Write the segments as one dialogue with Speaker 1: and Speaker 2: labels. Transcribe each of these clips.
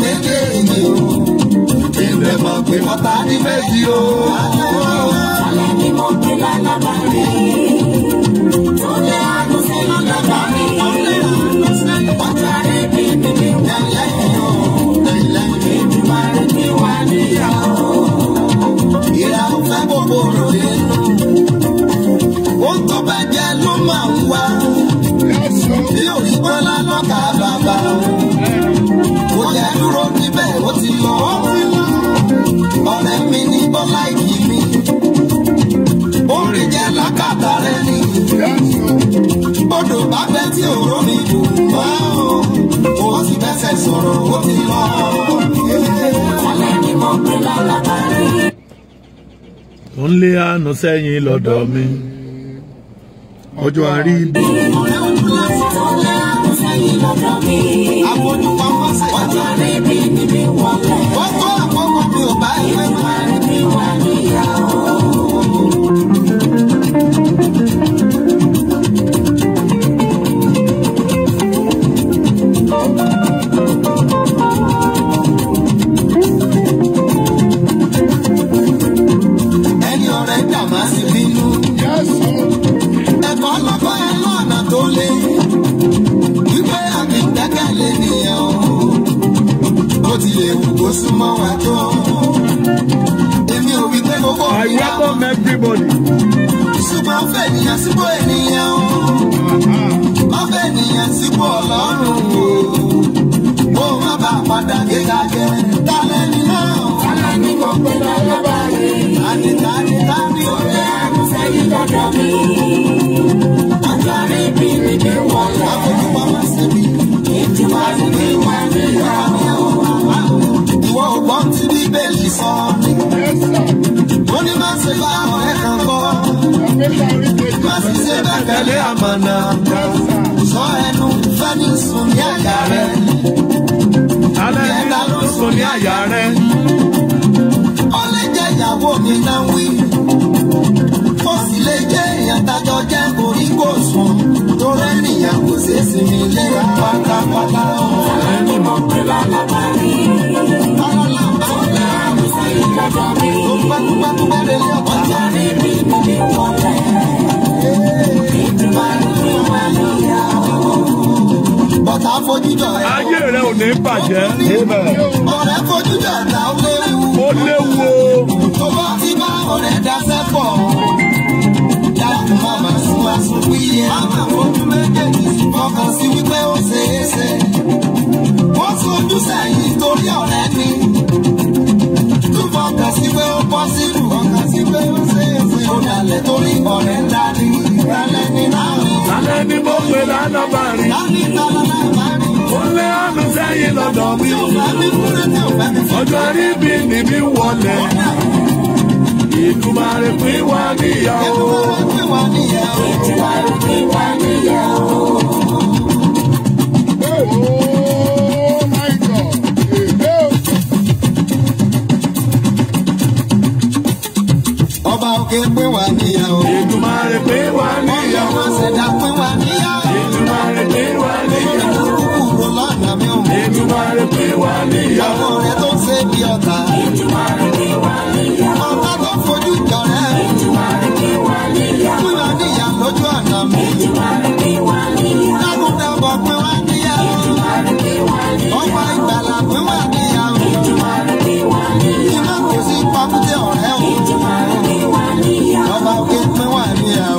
Speaker 1: méjèèjì o ìgbẹ́ mọ̀ pé bọ́tà dúró níbẹ̀ ó ti lọ ọ̀rẹ́ mi ní bọ́lá ìdí mi orí jẹ́ lákàtà rẹ ni bọ́dọ̀ bá fẹ́ tí òró mi kò mọ́ ó sì fẹsẹ̀ sọ̀rọ̀ ó ti lọ. ọ̀lẹ́ ni mo gbé lọ́lọ́ba rí.
Speaker 2: ń lé àánú sẹ́yìn lọ́dọ̀ mi ọjọ́ àrí. ọ̀rẹ́
Speaker 1: òun láti tọ́lé àánú sẹ́yìn lọ́dọ̀ mi mi ni mi wọlé. Wọ́n kọ́ àkọ́kọ́ mi ò bá ẹgbẹ́. Ìwà ni ọjọ́ níbi níbi wọlé ìdúmọ̀rẹ́ pín wá níyàwó ìdúmọ̀rẹ́ pín wá níyàwó. ọba òkè pín wá níyàwó ìdúmọ̀rẹ́ pín wá níyàwó ọjọ́ wọn ṣẹ̀dá pín Olódùmarè pè wá níyà. Àwọn ọ̀rẹ́ tó ń ṣe bí ọ̀tá. Olódùmarè pè wá níyà. Ọ̀tá tó fojú jọ̀rẹ́. Olódùmarè pè wá níyà. Fúyọ̀ níyà lójú ọ̀nà mi. Olódùmarè pè wá níyà. Lágùn dàbọ̀ pé wá níyà. Olódùmarè pè wá níyà. Ọmọ ìgbàlà pé wá níyà. Olódùmarè pè wá níyà. Iná kò sí pàkúté ọ̀rẹ́ o. Olódùmarè pè wá níyà. Ọba òkè pé wá níyà o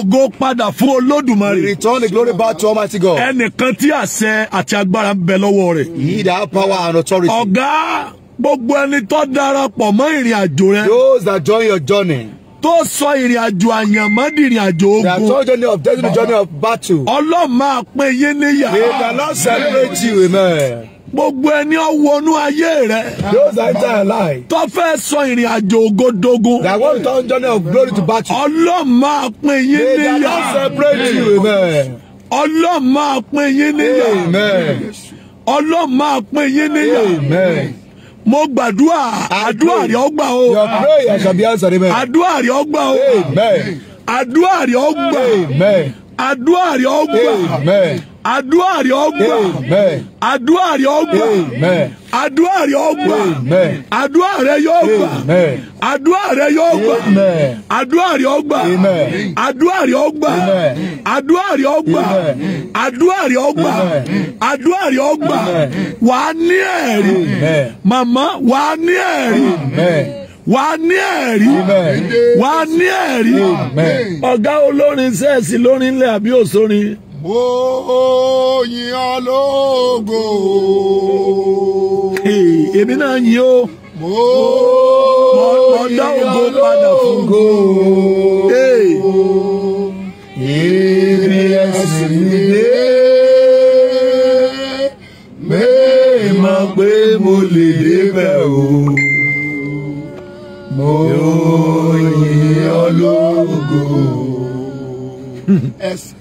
Speaker 2: ògo padà fún Olódùmarè. return the glory back to Almighty God. Ẹnìkan tí àṣẹ àti agbára ń bẹ lọ́wọ́ rẹ̀. He that power and authority. Ọ̀gá gbogbo ẹni tó darapọ̀ mọ́ ìrìn àjò rẹ. Those that join your journey tó sọ ìrìn àjò àyànmọ́ di ìrìn àjò ogun. the actual journey of death is the journey of battle. Ọlọ́run máa pín yín níyà. may the Lord celebrate you amen gbogbo ẹni ọwọnú ayé rẹ. those are entire life. tó fẹ́ sọ ìrìn àjò ògodogun. that one turn journey of glory to battle. ọlọ́run máa pín yín níyà. may that not separate you amen. ọlọ́run máa pín yín níyà. amen. ọlọ́run máa pín yín níyà. amen. Mo gbàdúrà àdúrà rẹ̀ ọgbà o. Your prayer shall be answered. Amen. Àdúrà rẹ̀ ọgbà o. Amen. Àdúrà rẹ̀ ọgbà. Amen. Àdúrà rẹ̀ ọgbà. Amen àdúrà rẹ ọgbà àdúrà rẹ ọgbà àdúrà rẹ ọgbà àdúrà rẹ yóò gbà àdúrà rẹ yóò gbà àdúrà rẹ ọgbà àdúrà rẹ ọgbà àdúrà rẹ ọgbà àdúrà rẹ ọgbà àdúrà rẹ ọgbà wà á ní ẹ̀rí màmá wà á ní ẹ̀rí wà á ní ẹ̀rí wà á ní ẹ̀rí ọ̀gá olórin sẹ́ẹ̀sì lórin ilẹ̀ àbí òsorin
Speaker 3: mo yìn ọ́ lógo.
Speaker 2: èmi náà yìn ó. mo yìn ọ́ lógo. ibi ẹsẹ̀ mi dé. mẹ́ẹ̀mọ́
Speaker 3: pé mo lè débẹ̀ o. mo yìn ọ́ lógo.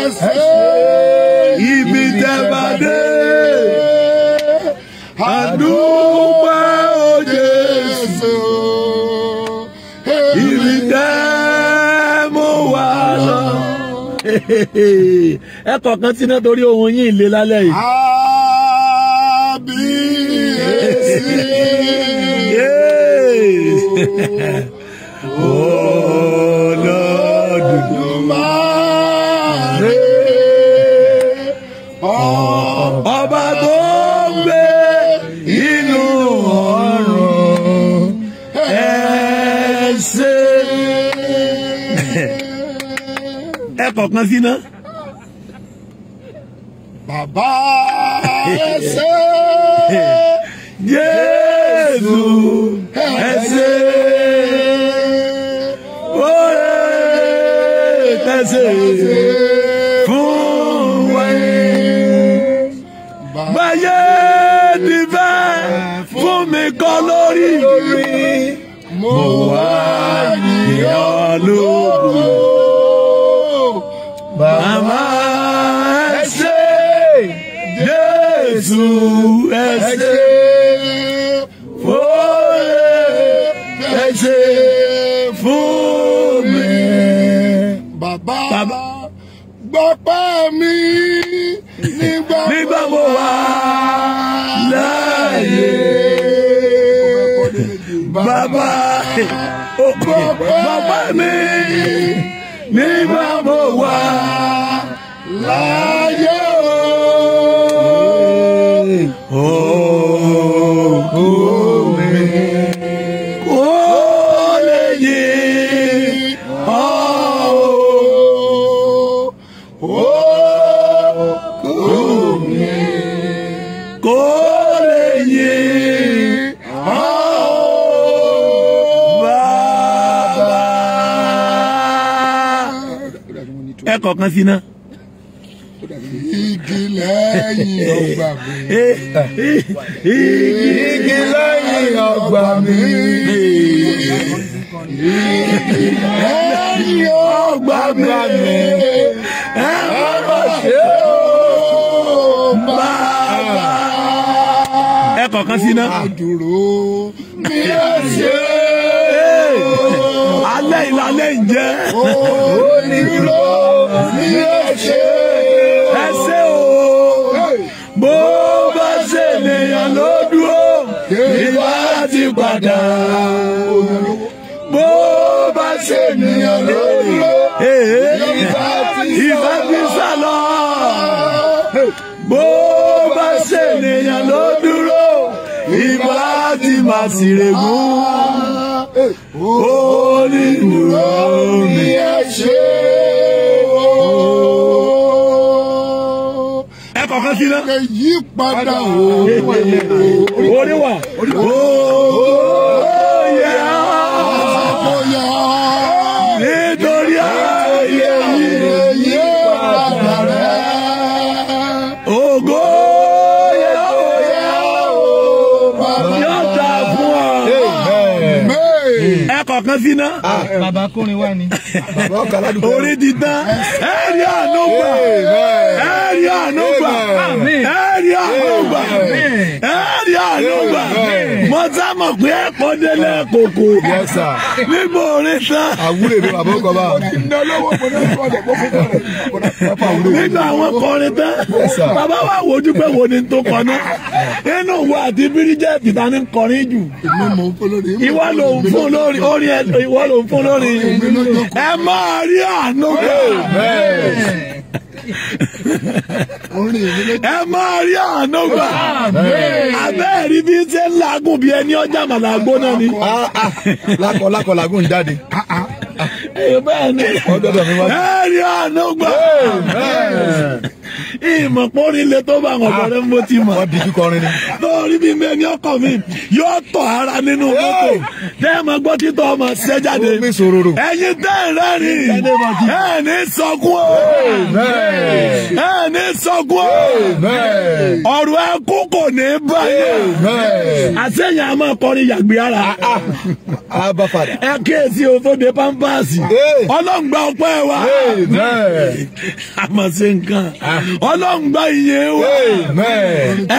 Speaker 2: ẹsẹ̀ ibi tẹ́ bá dé àdúgbò
Speaker 4: ó Jésù ibi tẹ́
Speaker 2: mo wà lọ. ẹ kọ̀ọ̀kan tí náà torí ohun yìí lé lálẹ́ yìí. kọ̀ọ̀kan sí ná. bàbá ẹ ṣé jésù ẹ ṣé oore tẹsẹ fún wẹ̀yìn báyé ti fẹ́ fún mi kọ́ lórí mi mo wá ní ọlọ́gbọ̀n. Màmá ẹ ṣé
Speaker 4: Jésù ẹ ṣé fóore
Speaker 3: ẹ ṣé fún mi. Bàbá gbọ́pẹ́ mi nígbà mo wà láàyè.
Speaker 2: Bàbá gbọ́pẹ́ mi nígbà mo wà láyé. kọ̀ọ̀kan sí náà. Igi
Speaker 4: lẹ́yìn ọgbà
Speaker 2: mi. Igi lẹ́yìn
Speaker 4: ọgbà mi.
Speaker 3: lẹ́yìn
Speaker 2: ọgbà mi. Ẹ ṣe ó bàbá. Ẹ kọ̀ọ̀kan sí náà. Àdúró mi ò ṣe é alẹ́ ìlàlẹ́ ìjẹ́. onídùúró ni ẹ ṣe. ẹ ṣe o
Speaker 1: bó bá ṣe lèèyàn ló dúró ìwà
Speaker 4: ti
Speaker 2: padà. bó bá ṣe lèèyàn ló dúró ìfà ti sá lọ. bó bá ṣe lèèyàn ló dúró
Speaker 3: ìbá ti
Speaker 2: máa sì rè gùn. Holy nínú omi
Speaker 4: ẹ ṣe o.
Speaker 2: ẹ kọ̀ọ̀kan sí náà. ẹ yí padà o. orí wa. Ah, ah, eh. bàbá kórin wá ni. orí ti tán ẹ̀rí àánú gbà ẹ̀rí àánú ẹ̀rí àánú lórí àárín ọgbà sá mọ̀ pé ẹ̀kọ́ délé kòkò nígbà orin tán. mi bàbá ọkọ bá. nígbà àwọn kọrin tán bàbá wa wò ó dúpẹ́ wo ni tó kọ náà inú wo àti bíríjẹ́ tìta ní kọrin jù
Speaker 3: ìwọ ló ń fún lórí orin ìwọ ló ń fún lórí ẹ
Speaker 2: máa rí àánú kò ẹ máa rí àánú gbà abẹ́ rí bí ṣe ń lagùn bí ẹni ọjà màlágbó náà ni. lákọ̀ ah, ah, ah. lákọ̀ lagùn jáde. bẹ́ẹ̀ ni ẹ rí àánú gbà ìmọ̀ pọ́nrin lè tó bá àwọn ọ̀dọ́rẹ́ ah, mo ti mọ̀. wọ́n dijú kọrin ni. lórí mi mẹ́ni ọkọ̀ mi yóò tọ̀ ara nínú mọ́tò tẹ́ ẹ máa gbọ́ títọ́ ọmọ ṣẹ́ jáde. omi sòròrò. ẹ̀yin tẹ́ ẹ rẹ́rìn ẹ̀ ní sọkún o ẹ̀ ní o ọ̀rọ̀ ẹkún kò ní báyà àṣẹyìn a máa kọrin yàgbé ara. Ah, ah. ẹ kéèsì o de pampasi ọlọ́ngbà ọpẹ́ wa a máa ṣe nǹkan ọlọ́run gba ìyẹn wa ẹ̀mẹ́. gba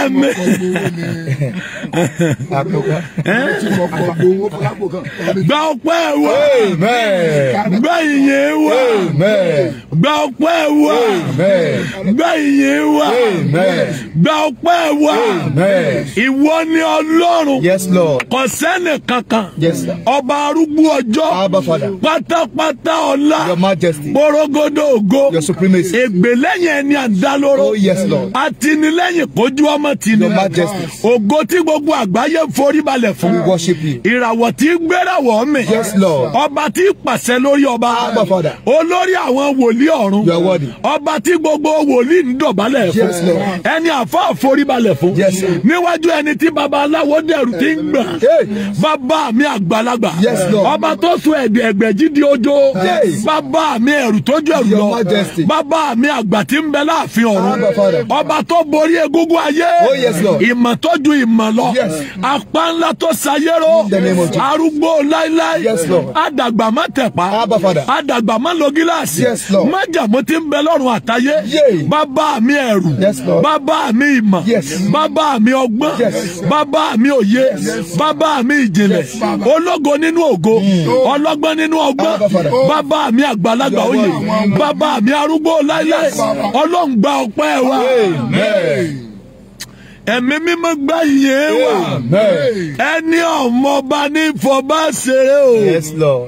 Speaker 2: ọpẹ́ wa gba ìyẹn wa gba ọpẹ́ wa gba ìyẹn wa gba ọpẹ́ wa ìwọ ni ọlọ́run kò sẹ́ni kankan ọba arúgbó ọjọ́ pátápátá ọlá borogodo ògo ègbè lẹ́yìn ẹni àdá lóró. Oh yes Lord. Atinilẹ́yìn kojú ọmọ tini. Your majesty. Ògo tí gbogbo àgbáyé forí balẹ̀ fún. We worship you. Ìràwọ̀ tí gbéràwọ̀ mi. Yes Lord. Ọba tí pàṣẹ lórí ọba. Father. Olórí àwọn wòlíì ọ̀run. You are worthy. Ọba tí gbogbo wòlíì ń dọ̀bálẹ̀ fún. Yes Lord. Ẹni àfọ́ àforí balẹ̀ fún. Yes Lord. Níwájú ẹni tí babaláwo dẹ̀rù ti ń gbà. Bàbá mi àgbàlagbà. Yes Lord. Ọba tó so ẹ̀gbẹ̀jì di ojo. Bàbá mi ẹ̀rù tójú ẹ̀rù lọ. Bàbá mi àgbà tí ń bẹ láàfin ọ̀run ọba tó borí egungun ayé oh, ìmọ̀ tó ju ìmọ̀ lọ apá ńlá tó sayéró arúgbó láíláí àdàgbà má tẹ̀pá àdàgbà má lo gíláàsì májàmú ti ń bẹ lọ́rùn àtayé bàbá mi ẹ̀rù bàbá mi ìmọ̀ bàbá mi ọgbọ́n bàbá mi òye bàbá mi ìjìnlẹ̀ ológo nínú ògo mm. ọlọ́gbọ́n nínú ọgbọ́n bàbá mi àgbàlagbà òye bàbá mi arúgbó láíláí ọlọ́ngbà ọpẹ́ wa ẹ̀mí mímọ́ gbá yìí wa. ẹni ọmọ ọba ní ìfọ̀bá ṣeré o. Yes, Lord.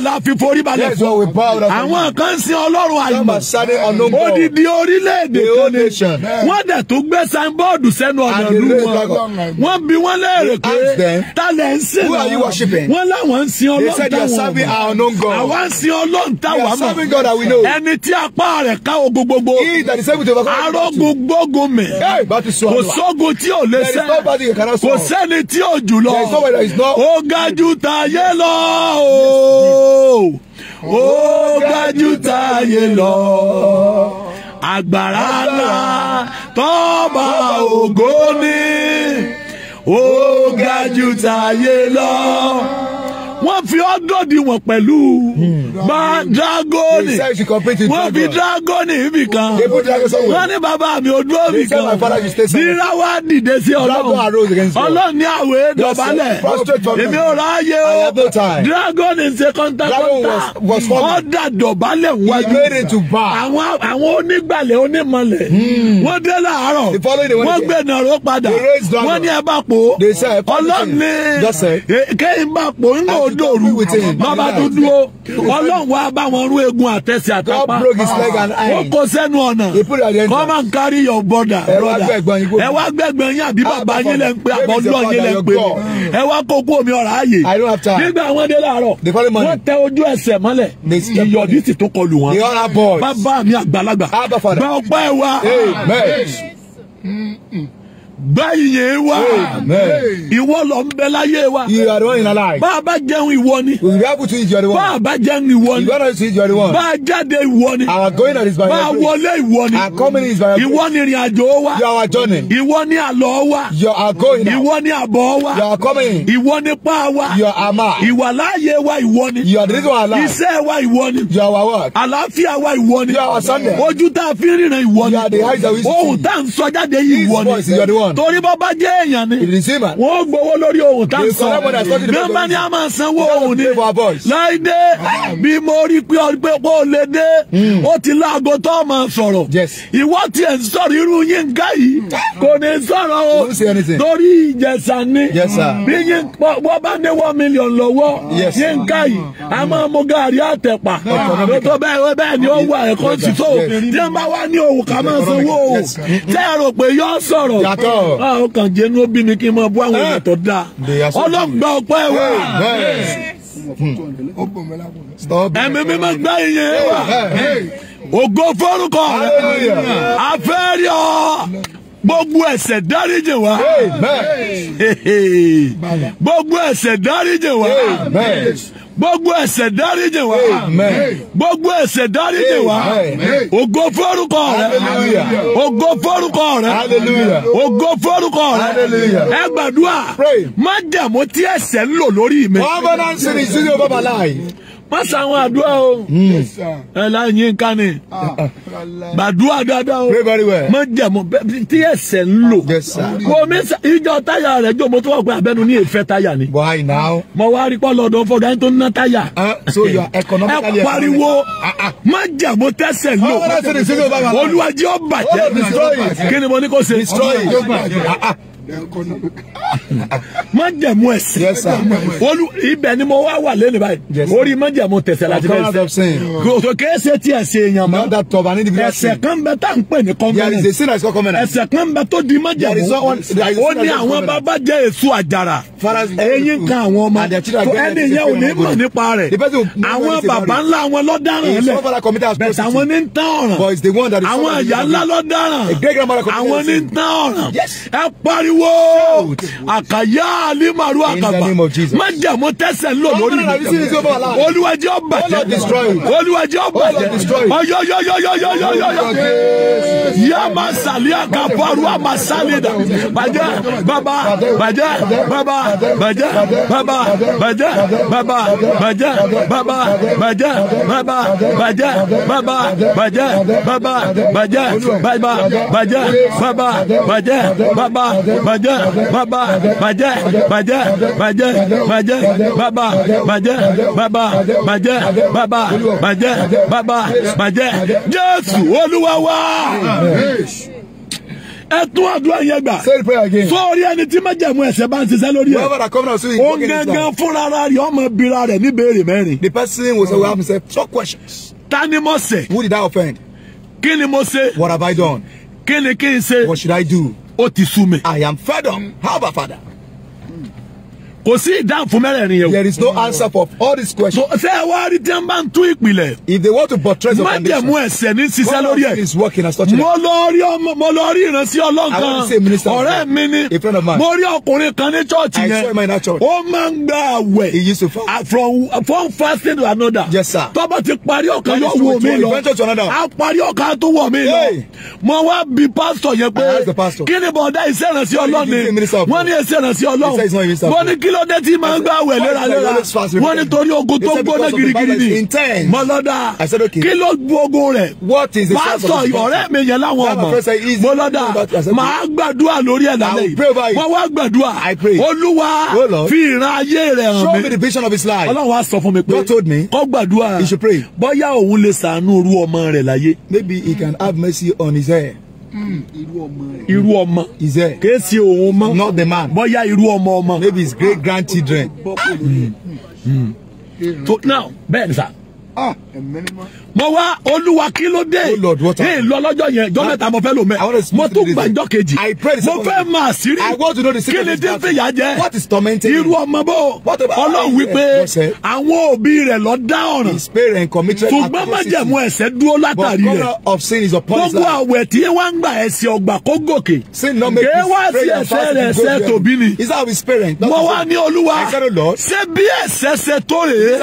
Speaker 2: bẹ́ẹ̀ la fi forí balẹ̀ fún. àwọn kan sin ọlọ́run àìmọ̀ odidi orílẹ̀-èdè kan wọ́n dẹ̀ tó gbé signboard sẹ́nu ọ̀nà ìlú wọn wọ́n bí wọ́n léèrè pé tálẹ̀ ń sìn náà wọ́n láwọn ń sin ọlọ́run táwọn mọ̀ àwa ń sin ọlọ́run táwọn mọ̀ ẹni tí apá rẹ̀ ká o gbogbogbò arọ́ gbogbogbò mẹ́ kò sógo tí ò lè sẹ́ kò sẹ́ni tí ò jù lọ ó ga jù tàyé ó gbájú táyé lọ agbára ńlá tọ́ba ògo ni ó ga jù táyé lọ wọ́n fi ọ́ndọ̀dì wọn pẹ̀lú bá dragoni wọ́n fi dragoni ibì kan wọ́n ní bàbá mi odó ibì kan nírawa dìde sí ọlọ́run ọlọ́run ní àwẹ̀ dọ̀bálẹ̀ èmi ò ráyè o dragoni ṣe kọ́ńtàkọ́ńtà ọ̀dà dọ̀bálẹ̀ wájú àwọn onígbàlẹ̀ onímọ̀lẹ̀ hmm. wọ́n dé láàárọ̀ wọ́n gbé nàró padà wọ́n ní ẹ bá pò ọlọ́run ní kéyìn bá pò ńlọ dòru lọ́ba tó dúró ọlọ́run wá bá wọn rú egun àtẹ̀sí àtàpá wọ́n kó sẹ́nu ọ̀nà kọ́ máa ń kárí your border brother ẹ wá gbẹ̀gbẹ̀ yín àbí ah, bàbá yín lẹ́ ń pè àbọ̀ ọlọ́run yín lẹ́ ń pè ẹ wá kókó omi ọ̀rọ̀ ààyè nígbà wọn dé láàárọ̀ wọ́n tẹ ojú ẹsẹ̀ mọ́lẹ̀ ìyọ̀dí sì tó kọlù wọn bàbá mi àgbàlagbà bá ọpẹ́ wa gbáyìnyẹ wa ìwọ lọ ń bẹ láyé wa bàbá jẹun ìwọ ni bàbá jẹun ìwọ ni bàbá jáde ìwọ ni bàbá wọlé ìwọ ni ìwọ ni ìrìn àjò wa ìwọ ni àlọ wa ìwọ ni àbọ̀ wa ìwọ ni pa wa ìwà láàyè wa ìwọ ni iṣẹ́ wa ìwọ ni àlàáfíà wa ìwọ ni ojú tá a fi ń rìnrìn ìwọ ni ohun tá a ń sọ jáde ìwọ ni man. torí bọ́ bá jẹ́ èèyàn ni. wọ́n gbowó lórí ohun tá a sọ. the correct a máa sanwó ohun ni. láìdé ah. bí mo rí pé pé kó lè dé. Hmm. ó ti láago tó o máa sọ̀rọ̀. ìwọ tiẹ̀ ń sọ̀rọ̀ irú Yínká yìí hmm. kò ní sọ̀rọ̀ o. torí ìjẹsà ni. Hmm. bí yín wọ́n bá ní one million lọ́wọ́ Yínká yìí a máa mú gàrí àtẹ̀pà. tó bẹ́ẹ̀ ni ó wà ẹ̀kọ́ sí tó. tí wọ́n bá wá ní òwò ká máa sanwó òwò. tẹ́ ẹ rò pé yọ sọ̀rọ̀. yàtọ̀ ó kàn jẹ́ inú bí mi kí n máa bú àwọn ah. èèyàn tó dáa ọlọ́gbà ọpẹ́ wa
Speaker 3: hmm.
Speaker 2: ẹ̀mí mi máa gbá iye wa ògo forúkọ rẹ afẹ́rí ọ gbogbo ẹ̀ṣẹ̀ dáríjì wá gbogbo ẹ̀ṣẹ̀ dáríjì wá gbogbo ẹ̀ṣẹ̀ dáríjì wá gbogbo ẹ̀ṣẹ̀ dáríjì wá ògo fórúkọ rẹ ògo fórúkọ rẹ ògo fórúkọ rẹ ẹ gbàdúrà má jẹ̀mú tí ẹ̀ṣẹ̀ ń lò lórí mi. covenant series is over my life má sàwọn àdúrà o hmm. ẹ láyé yín ká ni ah, gbàdúrà dáadáa o má jẹ̀mọ́ tí ẹsẹ̀ ń lò kò mí ìjọ táyà rẹ̀ jò mo tó wà pé abẹ́nu ní ìfẹ́ táyà ni mo wá rí pọ́ lọ́dọ̀ fọ́dọ̀ ẹni tó ń ná táyà ah, ẹ pariwo ah, má jẹ̀mọ́ tẹ́sẹ̀ lò olùwàjì ọ̀bàjẹ́ kí ni mo ní kó ṣe májẹ̀mú ẹ̀sìn olú ibẹ̀ ni mo wá wà lẹ́nu báyìí orí májẹ̀mú tẹ̀sẹ̀ láti bẹ̀ ẹ̀sẹ̀ kò tí ẹ̀sẹ̀ èèyàn mọ́ ẹ̀sẹ̀ kan bẹ tá n pè ní covenant ẹ̀sẹ̀ kan bẹ tó di májẹ̀mú ó ní àwọn bàbá jẹ́ èso àjàrà ẹ̀yìn kan àwọn ọmọ ẹni yẹn ò ní mọ̀ nípa rẹ̀ àwọn bàbá ńlá àwọn lọ́daràn lẹ̀ bẹ̀sẹ̀ àwọn ní ń tán ọ̀ràn àwọn àyà ńlá lọ́daràn àwọn ní ń tán ọ̀ràn ẹ pariwo wo àkàyà alimaru àkàbà májàmú tẹsẹ̀ ń lórí mi olùwàjẹ ọbàjẹ olùwàjẹ ọbàjẹ ọyọyọyọyọyọyọ yàmà sàlẹ̀ àkàbọ̀rù àmà sàlẹ̀ dà bàjẹ́ bàbà bàjẹ́ bàbà bàjẹ́ bàbà bàjẹ́ bàbà bàjẹ́ bàbà bàjẹ́ bàbà bàjẹ́ bàbà bàjẹ́ bàbà bàjẹ́ bàbà bàjẹ́ bàbà bàjẹ́ bàbà bàjẹ́ baba, bàjẹ́ bàjẹ́ bàjẹ́ bàjẹ́ baba, bàjẹ́ baba, bàjẹ́ baba, bàjẹ́ baba, bàjẹ́ Jésù Olúwa wa ẹ tún àdúrà yẹn gbà sórí ẹni tí má jẹ̀mú ẹ̀ṣẹ̀ bá ń ṣiṣẹ́ lórí ẹ̀ ó gángan fúnra rẹ̀ ọmọ bira rẹ̀ níbèrè mẹ́rin. the person will say we have himself four questions. ta ni mo ṣẹ̀. who did I offend. kí ni mo ṣe. what have I done. kí ni kí n ṣe. what should I do ó ti sú mi. I am fed up. How about father? kò sí ìdáhùn fún mẹ́rẹ̀ẹ̀rin yẹn o. there is no answer for all these questions. ṣé ẹ wá rí tí wọ́n bá ń tún ìpìlẹ̀. if they want to portray the foundation. májẹ̀mú ẹ̀sẹ̀ ní ṣiṣẹ́ lórí ẹ̀. God is working as such a. mo lọ rí ọmọ mo lọ rí ìránṣẹ́ ọlọ́run kan. I want to say minister. ọ̀rẹ́ mi ni. a friend of mine. mo rí ọkùnrin kan ní church yẹn. I saw him in that church. ó máa ń gba àwẹ̀. he used to fast. Ah, from from fasting to another. yes sir. tọ́ba ti parí ọ̀kan yóò wò mí lọ. a parí ọ̀kan tó wò mí lọ. mo wá bi pastor yẹn pé kí ni bọ̀dá ìṣẹ́ ìránṣẹ́ ọlọ́run ni. wọ́n ní ìṣẹ́ ìránṣẹ́ ọlọ́run. wọ́n ní kí ló dé tí màá gbà wẹ̀ léraléra wọ́n ní torí ogun tó gbóná girigiri ni mọ́lọ́dà kí ló gbó ogun rẹ̀ pásítọ̀ ọ̀rẹ́ mi yẹn láwọn ọmọ mọ́lọ́dà màá gbàdúrà lórí ẹ̀ lálẹ́ yìí wọ́n wá gbàdúrà olúwa oh, fi ìran ayé rẹ̀ hàn mi ọlọ́run wá sọ fún mi pé kó gbàdúrà bóyá òun lè ṣàánú irú ọmọ rẹ̀ láyé. maybe he can have mercy on his head. Mm. irú ọmọ rẹ. kéésì òun mọ not the man bóyá irú ọmọ ọmọ. maybe his great grandchildren.
Speaker 3: Mm. Mm. so
Speaker 2: now bẹ́ẹ̀ ni sá. Ah. mo wá olúwa kí ló dé ní ìlú ọlọ́jọ́ yẹn jọ́ mẹ́ta mo fẹ́ lò mẹ́ mo tún gbà jọ́ kejì mo fẹ́ máa sírí kí ni dé fìyà jẹ irú ọmọ bó ọlọ́run wípé àwọn òbí rẹ̀ lọ dá ọ̀ràn ṣùgbọ́n májẹ̀mú ẹ̀ṣẹ̀ dúró látàrí rẹ̀ gbogbo àwẹ̀ tí wọ́n ń gbà ẹ̀ṣẹ̀ ọgbà kó gòkè kí wá sí ẹ̀ṣẹ̀ rẹ̀ ẹ̀ṣẹ̀ tòbí ni mo wá ní olúwa oh, ṣé bí ẹ̀ṣẹ̀ ṣe tó rèé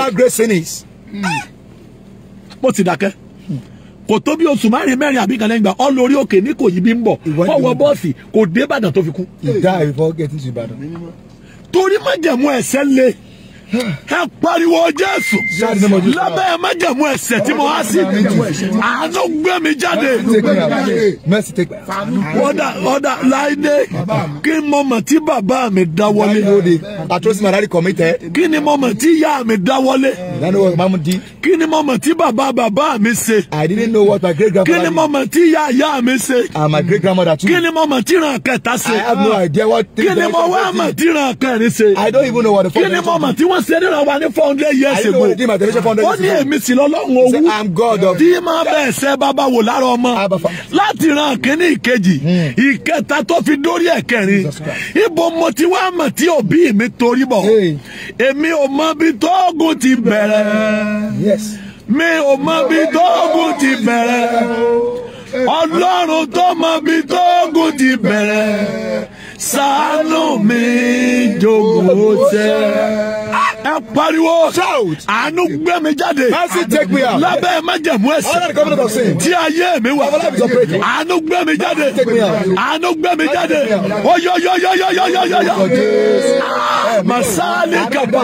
Speaker 2: bó ti dákẹ́ kò tó bí oṣù márùn mẹ́rin àbí kan lẹ́yìn gbà ọ lórí òkè ní kò yí bí ń bọ̀ fọwọ́ bọ́ọ̀sì kò dé Ìbàdàn tó fi kú. ìdá
Speaker 3: ìfọwọ́gẹ̀ ti Ìbàdàn.
Speaker 2: torí májẹ̀mú ẹ̀sẹ̀ le ẹ pariwo jésù lábẹ́ májẹ̀mú ẹ̀ṣẹ̀ tí mo wá sí àánú gbé mi jáde ọ̀dà ọ̀dà láìdé kí n mọ̀ mọ̀ tí bàbá mi dáwọ́lé kí ni mo mọ̀ tí ìyá mi dáwọ́lé kí ni mo mọ̀ tí bàbá bàbá mi ṣe kí ni mo mọ̀ tí ìyá ìyá mi ṣe kí ni mo mọ̀ tí ìran kẹta ṣe kí ni mo wá mọ̀ tí ìran kẹrin ṣe kí ni mo mọ̀ tí wọ́n wọ́n ṣe nílò wa ní four hundred years ago ó ní èmi sì lọ́lọ́run owó tí máa bẹ̀ ṣẹ́ bàbá wò lára ọmọ láti ran kínní ìkejì hmm. ìkẹta tó fi dórí ẹ̀kẹrin ibo mo ti wá mọ̀ tí òbí mi torí bọ̀ èmi ò mọ bí tóògùn ti bẹ̀rẹ̀ mi ò mọ bí tóògùn ti bẹ̀rẹ̀ ọlọ́run tó mọ bí tóògùn ti bẹ̀rẹ̀ ṣàánú mi jogun ó tẹ́ ẹ pariwo àánú gbé mi jáde lábẹ́ májẹ̀mú ẹ̀ṣẹ̀ tí ayé mi wà àánú gbé mi jáde àánú gbé mi jáde oyoyoyoyoyoyoyoyo masali kaba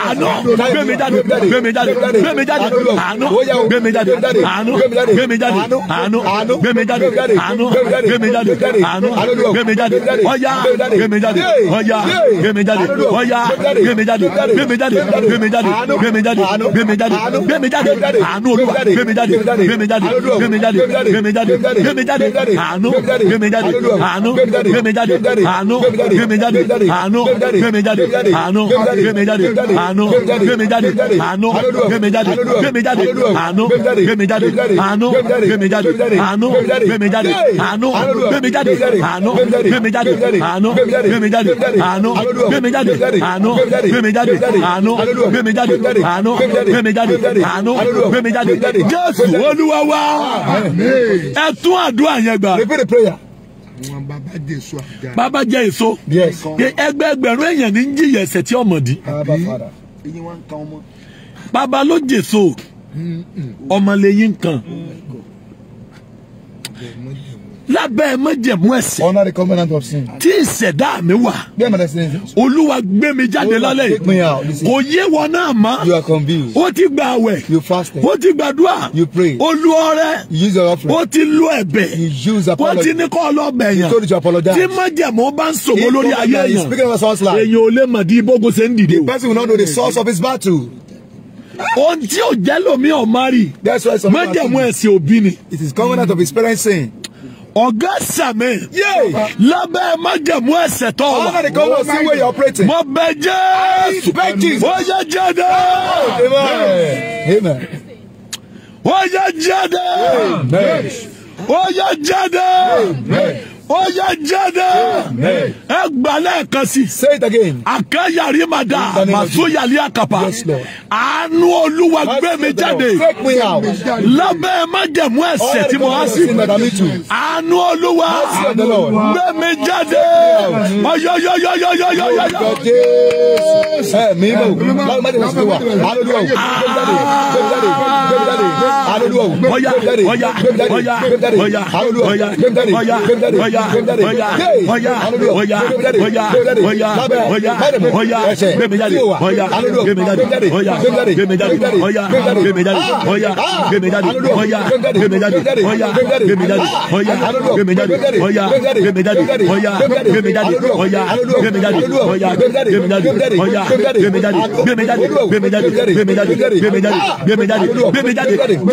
Speaker 2: àánú gbé mi jáde gbé mi jáde gbé mi jáde àánú gbé mi jáde àánú gbé mi jáde àánú gbé mi jáde àánú gbé mi jáde àánú gbé mi jáde ọya gbé mi jáde ọya gbé mi jáde ọya gbé mi jáde gbé mi jáde gbé mi jáde gbé mi jáde gbé mi jáde gbé mi jáde àánú olúwa gbé mi jáde gbé mi jáde gbé mi jáde gbé mi jáde gbé mi jáde àánú gbé mi jáde àánú gbé mi jáde àánú gbé mi jáde àánú gbé mi jáde àánú gbé mi jáde àánú gbé mi jáde àánú gbé mi jáde gbé mi jáde àánú gbé mi jáde àánú gbé mi jáde àánú gbé mi jáde àánú gbé mi jáde àánú gbé mi jáde àánú gbé mi jáde àánú gbé mi jáde àánú gbé mi jáde àánú gbé mi jáde àánú gbé mi jáde àánú gbé mi jáde jésù olúwa wa ẹ tún àdúrà yẹn gbà. Baba the prayer
Speaker 3: bàbá jẹ èso ẹgbẹ
Speaker 2: ẹgbẹ̀rún èèyàn ní jìyà ẹ̀ṣẹ̀ tí ọmọdé bàbá ló jèso ọmọ lẹ́yìn kan lábẹ́ mọ́jẹ̀mú ẹ̀sìn. under the covenant of sin. tí ìṣẹ̀dá mi wà. bí ẹ̀mọ̀dé sin ní. olúwa gbé mi jáde lálẹ́ yìí. kò yé wọn náà mọ́. you are confused. ó ti gba àwẹ̀. you fasted. ó ti gbàdúrà. you pray. ó ọrẹ. you use your offering. ó ti lu ẹ̀bẹ̀. you use apology. ó ti ní kọ́ ọlọ́bẹ̀ yẹn. he told you to apologize. tí mọ́jẹ̀mú bá ń sòwò lórí ayé yẹn. he speaking of a source line. èyàn ò lè mọ̀ di bógun ṣe ń dìde. the person will not know the source of his battle ohun tí ò jẹ́ lómi ọ̀ mari mọ́jẹ̀mú ẹ̀sìn òbí ni. it is covenant of his parents saying ọ̀gá sàmì lábẹ́ májẹ̀mú ẹ̀sẹ̀ tọ́ wa mo bẹ jẹ́ ó yẹ jáde oh, ó yẹ jáde ó yẹ jáde ó yẹ jáde. ẹ gbà lẹ́ẹ̀kan sí. say it again. àkẹ́yàrí máa da màsúyàlí àkàpà. àánú olúwa gbé mi jáde. lábẹ́ májẹ̀mú ẹ̀ṣẹ̀ tí mo wá sí. àánú olúwa gbé mi jáde. ọyọyọyọyọyọyọ.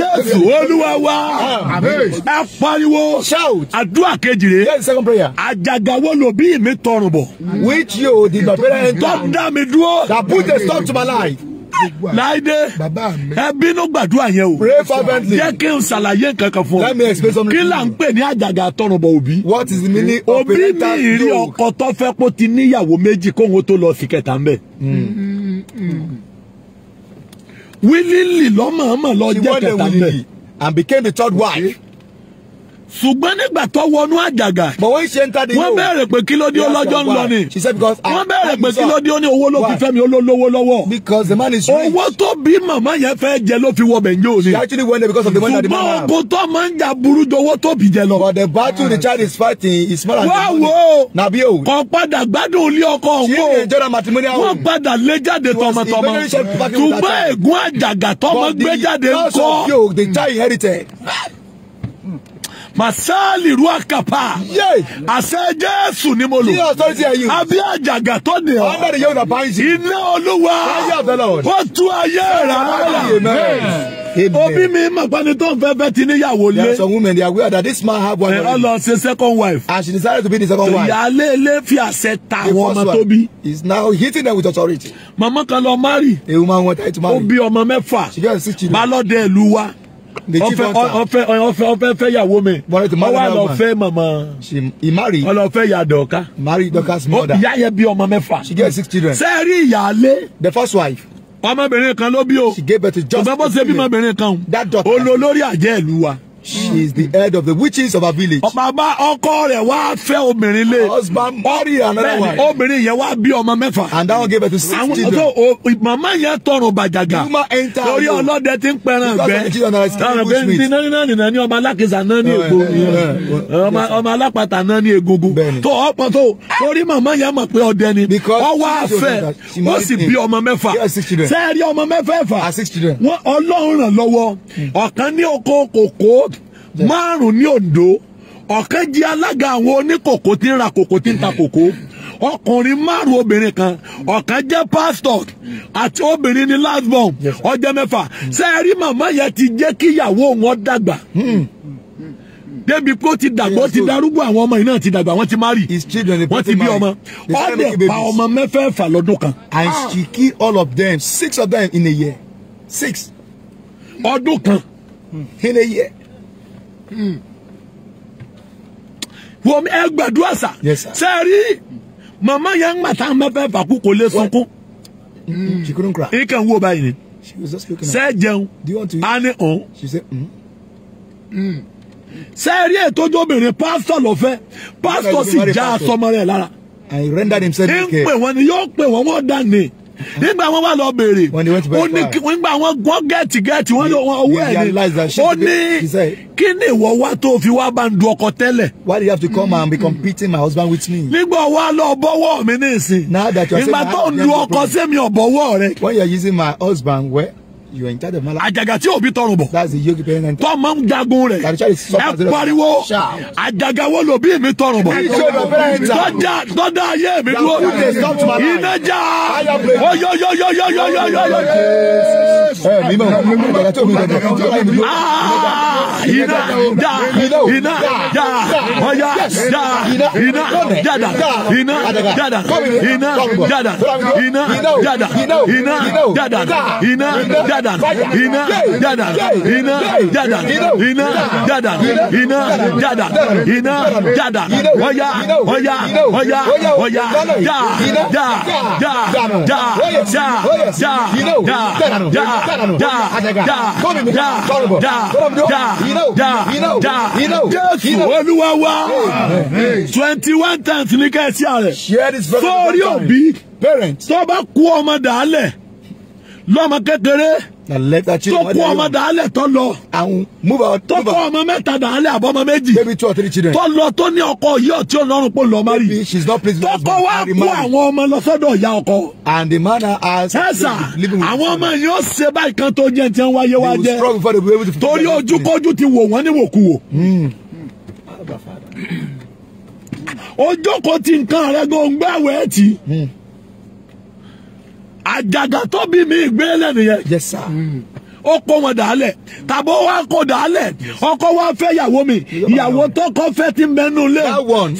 Speaker 2: Jésù Olúwa wa ẹ pariwo àdúrà kejì rèé. Here is the second prayer. Àjàgàwọ́ lòbí mi tọrùn bọ̀. Which you did not pray in tongues. down dá mi That put a stop to my life.
Speaker 3: Láìdé, ẹ
Speaker 2: bínú gbàdúrà yẹn o. Pray fervently. Jẹ́ kí n ṣàlàyé kankan fún ọ. Let me explain something. Kí là ń pè ní àjàgà tọrùbọ̀ òbí? What is the meaning of parental guilt? Òbí mi rí ọkọ tó fẹ́ kó ti níyàwó méjì kóhun tó lọ sí kẹta ń bẹ̀ willingly lọ́mọ̀ọ́mọ̀ lọ jẹ́ kẹta mẹ́. and became the third wife ṣùgbọ́n nígbà tó wọnú àjàgà. but when she entered the room. wọ́n bẹ̀rẹ̀ pé kí ló dé ọlọ́jọ́ ń lọ ni. she said because I. wọ́n bẹ̀rẹ̀ pé kí ló dé ó ní owó ló fi fẹ́ mi ó lọ́wọ́. because the man is rich. owó tó bí màmá yẹn fẹ́ jẹ ló fi wọ bẹ̀njó ni. she actually went there because of the money that the man had. ṣùgbọ́n ogun tó máa ń jà burú ju owó tó bí jẹ lọ. but the battle the child is fighting is smaller than the money. wáwo nàbí o. kò padà gbádùn ilé ọkọ òun. she didn't enjoy her matrimonial home. wọ́n padà lé jáde tọmọtọmọ. ṣùgbọ́n ègún àjàgà tọmọ the child inherited masali ruaka ruakapa àṣẹ jésù ni mo lò àbí àjàgà tó ní ọ iná olúwa ó tú ayé rà rà obi mi ma pani tó ń fẹ́ fẹ́ ti níyàwó lé. there are some women they are aware that this man have one. ẹ ọ lọ ṣe second wife. and she decided to be the second wife. ìyáálé ilé fi àṣẹ ta àwọn ọmọ tó he is now hitting them with authority. màmá kan lọ mari. a woman wọn tàyè tó mari. ó bí ọmọ mẹ́fà. she get six children. balọ̀dẹ ìlú wa ọfẹ ọfẹ ọfẹ ọfẹ fẹ yàwó mi ọwọ lọ fẹ mọmọ ọlọ fẹ yà dọka ìyá yẹ bí ọmọ mẹ́fà sẹẹrí ìyáálé ọmọbìnrin kan ló bí o ṣùgbọ́n bó ṣe bímọbìnrin kan olólórí àjẹ́ ìlú wa. She is the head of the witches of her village. Bàbá ọkọ rẹ̀ wá fẹ́ obìnrin lé. Husband marry another wife. Obìnrin yẹn wá bí ọmọ mẹ́fà. And that one gave birth to six children. Àwọn ọ̀dọ́ màmá yẹn tọrùn bàjàgà. Human enter. Lórí ọlọ́dẹ tí ń pẹran gbẹ. Because of the children are still with me. Nani nani nani ọmọ alákìsà náà ní ègbò. Ọmọ alápàtà náà ní egungun. Tó ọ̀pọ̀ tó torí màmá yẹn mọ̀ pé ọdẹ ni. Because ọ wá fẹ́ ó sì bí ọmọ mẹ́fà. Sẹ́ẹ̀rí ọmọ mẹ́fà ẹ̀fà. Ọlọ́run ràn lọ́wọ́. Hmm. Ọ̀kan ní oko kòkó márùn ní Ondo ọ̀kan jẹ́ alága àwọn oníkòkó tí ń ra kòkó tí ń ta kòkó ọkùnrin márùn obìnrin kan ọ̀kan jẹ́ pastor àti obìnrin ní last born ọjọ́ mẹ́fà sẹ́ẹ̀rí màmá yẹn ti jẹ́ kíyàwó wọn dàgbà hmm. débi pé ó ti dàgbà ó ti darúgbó àwọn ọmọ yìí náà ti dàgbà wọ́n ti má rí wọ́n ti bí ọmọ ọ̀dẹ̀ pa ọmọ mẹ́fẹ̀ẹ̀fà lọ́dún kan. and ah. she kill all of them six of them in a year six. ọdún kan. Hmm. in a year. Hmm. wọ́n ẹ gbàdúrà sà sẹ́ẹ̀rí màmá yẹn ńgbà tá a mẹ́fẹ́ fàkú kò lè sunkún ìkàn hmm. wo báyìí ni sẹ́ẹ̀ jẹun á ní òun sẹ́ẹ̀rí hmm. ètòjú obìnrin pásítọ̀ lọ́fẹ́ pásítọ̀ sì já asọmọ rẹ̀ lára ń pè wọ́n ni yóò pè wọ́n wọ́n dà ní nígbà wọn wà lọ béèrè ó ní nígbà wọn gbọ́n gẹ́ẹ̀tì gẹ́ẹ̀tì wọn wọn owó ẹ̀ ni ó ní kí ni ìwọ wá tó fi wá bá ń du ọkọ tẹ́lẹ̀. why do you have to come and be hmm. competing my husband with me. nígbà wà lọ bọ́wọ́ mi ní ìsìn nígbà tó ń du ọkọ sẹ́mi ọ̀bọ̀wọ́ rẹ. when you are using my husband well you are in charge of mala. àjàgà tí òbí tọrùn bọ̀. that's the yogi parent. tọ́ máa ń jagun rẹ̀. ẹ pariwo àjàgà wo lòbí mi tọrùn bọ̀. tọ́jà tọ́jà ayé mi dúró. iná jà oyoyoyoyoyoyoyo.
Speaker 3: ẹ mi mọ mi mọ ìgbàlá tó mi dọdọ ina bá mi dọdọ. ina jà iná jà ọya jà ina jàdà iná jàdà iná jàdà
Speaker 2: ina jàdà iná jàdà iná jàdà jadan iná jadan iná jadan iná jadan iná jadan iná jadan ọya ọya ọya ọya ja ja ja ja ja ja ja ja jésù olúwa wa twenty one times ní kẹ́sì rẹ̀ sọ́ọ́rí òbí tó bá kú ọmọ dàálẹ̀ lọ́mọ kékeré tó kó ọmọ dàálẹ̀ tó lọ tó kó ọmọ mẹ́ta dàálẹ̀ àbọ̀ ọmọ méjì tó tó ní ọkọ yìí ọtí ọlọ́run pò lọ mari tó kó wá àwọn ọmọ lọ sọ́dọ̀ ọkọ. and the man has. ẹ̀sà àwọn ọmọ yìí ó ṣe báyìí kan tó jẹ́ ti ń wáyé wá jẹ́ torí ojúkójú ti wò wọ́n níwòkuwò hmm. ojókòó ti nǹkan rẹ̀ gbọ̀ngbẹ́ àwẹ̀ ẹ̀ tì. Hmm àjàgà tó bí mi ìgbélé nìyẹn. yes sir. Mm ó kó wọn dàálẹ̀ tàbó wa kó dàálẹ̀ ọkọ wa fẹ́ yàwó mi ìyàwó tó kọ́ fẹ́ ti mẹ́nu lé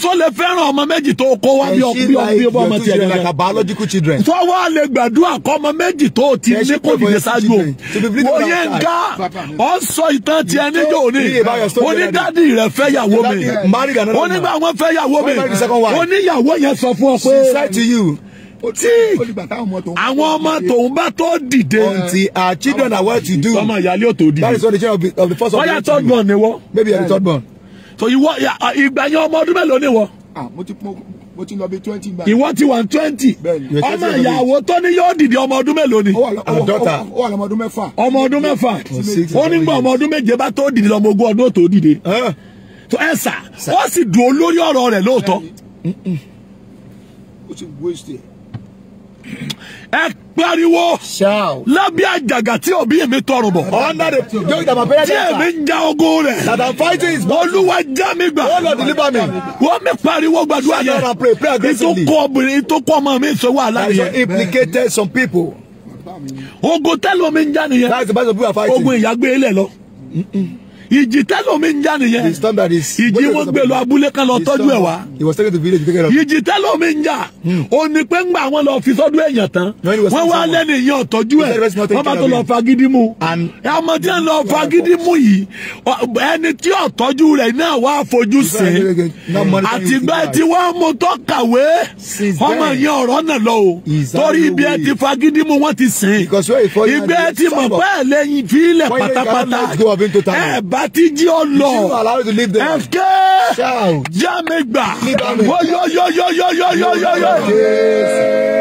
Speaker 2: so lè fẹ́ràn ọmọ méjì tó kó wa bí ọbí ọbí ọbọ ọmọ tiẹ̀ gẹ́gẹ́ so wa lè gbàdúrà kọ́ ọmọ méjì tó ti ní kó dìde ṣáájú o oyè nga ọ sọ ìtàn tiẹ̀ níjọ́ òní onídàdí rẹ̀ fẹ́ yàwó mi onígbà wọn fẹ́ yàwó mi oníyàwó yẹn sọ
Speaker 3: fún ọ pé tí àwọn ọmọ tòun
Speaker 2: bá tó dìde. until uh, our children are well to do. ọmọ ìyáálé ò tó dìde. that is why the chair of the, of the first of the eight. bóyá third born ni wọ́n. maybe yeah. the third born. so ìwọ uh, ìgbà yẹn ọmọ ọdún mélòó ni wọ́n.
Speaker 3: ah mo ti lọ bí twenty gbà. ìwọ ti wà twenty. bẹ́ẹ̀ni ọmọ ìyàwó
Speaker 2: tó ní yóò dìde ọmọ ọdún mélòó ni. àdọ́ta ó
Speaker 3: wà lọmọ ọdún mẹ́fà.
Speaker 2: ọmọ ọdún mẹ́fà ó ní gbọ́ ọmọ ọdún méje bá tó dìde lọmọ ogún ọdún ó tó dìde. ẹ sà ó sì dùn olórí ọ̀rọ̀ rẹ̀ lóòótọ́.
Speaker 3: ó ti gbó ìsìn
Speaker 2: ẹ pariwo lábẹ́ àjàgà tí òbí mi tọrùn bọ̀ tí èmi ń ja ogun rẹ̀ olúwa já mi gbà wọ́n mi pariwo gbàdúrà yẹn ìtòkọ obìnrin ìtòkọ ọmọ mi sọ wàhálà yẹn ogun tẹ́lọ̀ mi ń já nìyẹn ogun ìyàgbé ilẹ̀ e lọ ìjì tẹ́lómi ń jà nìyẹn. the storm that is. ìjì wọn gbé lọ abúlé kan lọ tọ́jú ẹ̀ wá.
Speaker 3: he was taken to village to take care of. ìjì tẹ́lómi ń
Speaker 2: jà. Hmm. ó ní pé ńgbà wọn lọ fi sọ́dún èèyàn tán. wọ́n wá lẹ́nu ìyẹn ọ̀tọ́jú ẹ̀ wọ́n bá tó lọ fagídí mu. àmọ́ tí wọ́n lọ fagídí mu yìí ẹni tí ọ̀tọ́jú rẹ̀ náà wá fojú sí. àtìgbà tí wọ́n mú tó kàwé ọmọ yẹn ọ̀rọ̀ náà lọ o torí ibi ẹ ti fagídí mu wọ́n ti sìn. ìgbẹ́ ti mọ̀ pẹ́ẹ́lẹ́yìn fi ilẹ̀ pátápátá ẹ̀ bá àti jí ọ lọ. you allow you to live there. escape yá mi gbà yóyóyóyóyóyóyóyó.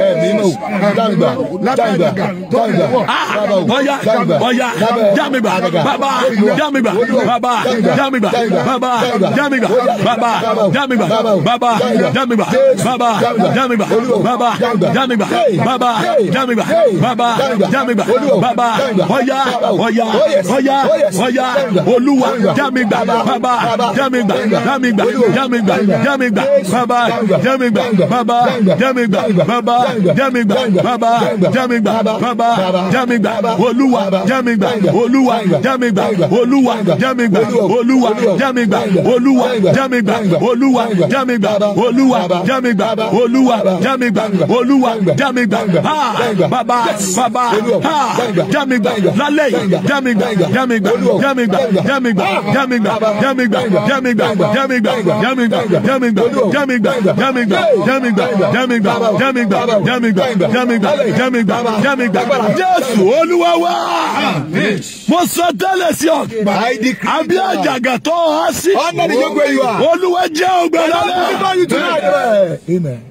Speaker 2: ẹ̀mí mọ̀ dáńgbà
Speaker 3: dáńgbà dáńgbà bọ́yá bọ́yá yá mi gbà bàbá yá mi gbà bàbá yá mi gbà bàbá yá mi gbà bàbá yá mi gbà bàbá yá mi gbà bàbá yá mi gbà bàbá yá mi gbà bàbá yá mi gbà bàbá yá mi gbà bàbá bọ́yá bọ́yá bọ́yá bọ́yá olúwa yá mi gbà bàbá yá mi gbà mi gbà já Baba.
Speaker 2: gbà já mi gbà bàbá Baba. mi gbà bàbá já mi gbà bàbá já mi gbà bàbá já mi gbà bàbá já mi gbà olúwa já mi gbà olúwa já mi gbà olúwa já mi gbà olúwa já mi gbà olúwa já mi gbà olúwa já mi gbà olúwa já mi gbà olúwa já mi gbà olúwa já mi gbà ha bàbá Baba. ha já mi gbà lálẹ́ yìí já mi gbà já mi gbà já mi gbà já mi gbà já mi gbà já mi gbà já mi gbà jámígbà jámígbà jámígbà jámígbà jámígbà jámígbà jámígbà jámígbà jámígbà jámígbà jámígbà jámígbà jésù mo sọ tẹ́lẹ̀ sí ọ àbí àjàgà tó olúwa jẹ́ ògbẹ́lẹ́lẹ́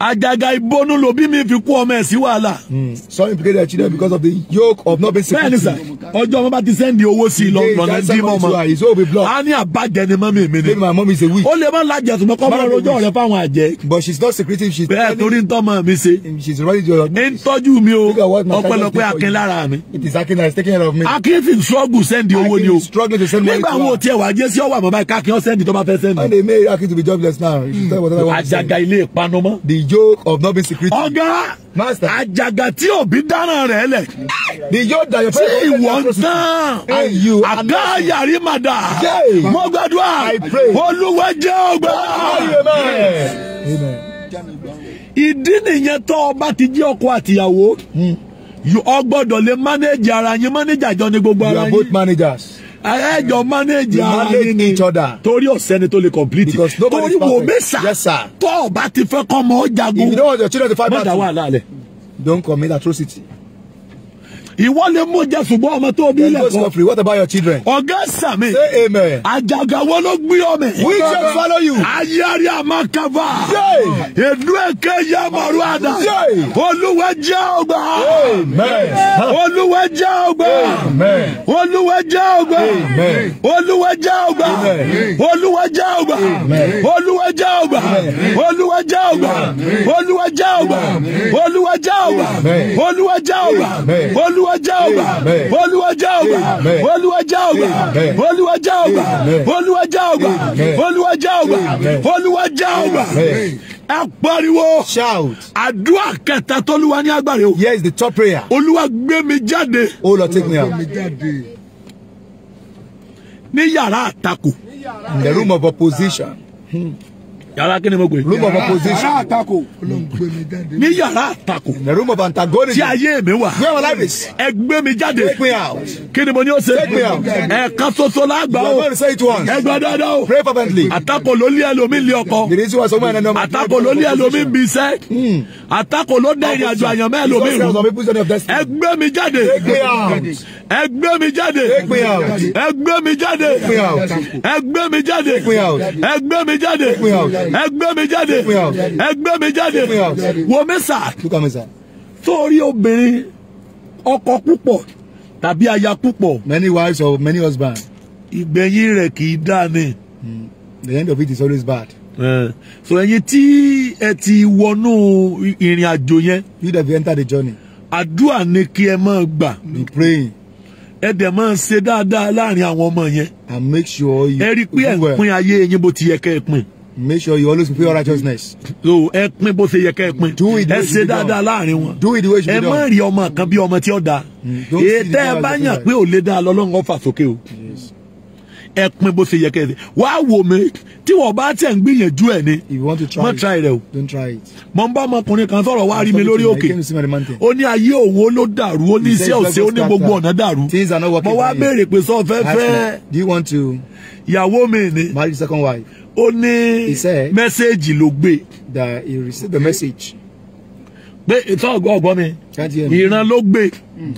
Speaker 2: àjàgà ìbọnú lòbí mi fi kú ọmọ ẹ̀ sí wàhálà. Hmm. some implicate their children because of the yoke of not being secure. bẹ́ẹ̀ni sà ọjọ́ ọmọ bá ti sẹ́ndì owó sí i lọ lọ́nà dí mọ́ ọmọ a ní àbájẹ ni mọ́mí mi ni. my mom is a witch. ó lè má lajẹ tó mọ kọ́ mọ́ ọjọ́ rẹ fáwọn àjẹ. but she is not secretive she is. bẹ́ẹ̀ torí ń tọ́mọ mi ṣe. she is ready to your. ń tọ́jú mi o ọpẹ́lọpẹ́ akin lára
Speaker 3: mi. it is akin
Speaker 2: that is taking care of me. akin fi struggle sẹ́ndì owó ni o. akin is struggling to send money to her. nígbà wo tiẹ̀ wà jẹ́ sí ọwọ́ àmọ́ báyìí kákin ó sẹ́ndì tó they made akin to be jobless now. Hmm. àjàgà ilé ìpanu mọ́. the the yoke of not being secretive. ọ̀gá master àjàgà tí òbí dáná rẹ̀ lẹ̀. the yoke that your parents were born with. and you àgá yàrí màdà. mo gbàdúrà olúwa jẹ́ ọgbà. ìdí nìyẹn tó ọba ti jẹ́ ọkọ àtìyàwó. ọgbọ́dọ̀ hmm. lè mánéjì ara yín mánéjì àjọ ni gbogbo ara yín. you are both managers ẹ jọ manage ara yín ni torí ọ̀sẹ́ni tó lè complete torí wò mẹ́sà tó ọba ti fẹ́ kọ́ ọmọ jagun mọ̀dà wà lálẹ́. don't commit atrocity ìwọ lè mú jẹ ṣùgbọ́n ọmọ tó bí lẹ́kọ̀ọ́. free what about your children. ọ̀gá sàmì. say amen. àjàgà wo ló gbé ọmọ. we just follow you. ayárí àmàkàbà. èdú èké yá mọ̀rú àdá. olúwa jẹ́ ọgbà. olúwa jẹ́ ọgbà. olúwa jẹ́ ọgbà. olúwa jẹ́ ọgbà. olúwa jẹ́ ọgbà. olúwa jẹ́ ọgbà. olúwa jẹ́ ọgbà. olúwa jẹ́ ọgbà. olúwa jẹ́ ọgbà. olúwa jẹ́ ọgbà. olúwa Olúwa shout. àdúrà kẹta tọ́lúwa ní agbára yes the top prayer. olúwa gbé mi jáde. o oh, take me out. ní yàrá àtakò. in the room of opposition. Hmm yàrá kí ni mo gbé. room of opposition. yàrá
Speaker 3: àtakò. ní yàrá
Speaker 2: àtakò. the room of antagonism. tí ayé mi wà. where my life ẹ gbé mi jáde. take me out. kí ni mo ní o ṣe. take me out. ẹ̀ka ṣoṣo la gbà o. you are say it once. ẹ gbà dáadáa o. pray fervently. àtakò ló lé ẹlòmí lé ọkọ. the reason why some men are not. Hmm. àtakò ló lé ẹlòmí bí iṣẹ́. àtakò ló dẹ ìrìn àjò àyàn ẹlòmí rú. ẹ gbé mi jáde. take me out. ẹ gbé mi jáde. take me out. ẹ gbé mi jáde. take me out. ẹ gbé mi jáde. take me out. ẹ gbé mi jáde. take me out ẹ gbé mi jáde ẹ gbé mi jáde wo mi sà torí obìnrin ọkọ púpọ̀ tàbí aya púpọ̀. many wives or many husbands. ìgbẹ̀yìn rẹ̀ kì í dáa hmm. the end of it is always bad. Uh, so ẹ̀yin tí ẹ ti wọnú ìrìn àjò yẹn. you that you enter the journey. àdúrà ni kí ẹ máa gbà. be praying. ẹ dẹ̀ máa ṣe dáadáa láàrin àwọn ọmọ yẹn. and make sure you do well. ẹ rí i pé ẹ̀ ń pín ayé yín bó ti yẹ kẹ́ ẹ pín make sure you always pray righteousness. so ẹ pín bó ṣe yẹ kẹ́ ẹ pín ẹ ṣe dáadáa láàrin wọn ẹ má rí ọmọ kan bí ọmọ tí ó da
Speaker 4: mm, èyí tẹ́ ẹ bá yàn
Speaker 2: pé ò lè dá lọ́lọ́run ọ̀fà sókè o ẹ pín bó ṣe yẹ kẹ́ ẹ ṣe wá wò mí tí wọ́n bá tẹ̀ ń gbìyànjú ẹ̀ ni má try rẹ o mọ̀ ń bá ọmọkùnrin kan sọ̀rọ̀ wá rí mi lórí òkè ó ní ayé òwò ló dàrú ó ní iṣẹ́ òṣè ó ní gbogbo ọ̀nà dàrú mo wá béèrè pé sọ fẹ́ fẹ́ ìyàwó mi ni. marry second wife ó ní mẹ́sẹ̀gì ló gbé. that he received the message. pé ìtọ́ ọ̀gbọ́n
Speaker 3: ọ̀gbọ́n mi ìran
Speaker 2: ló gbé hmm.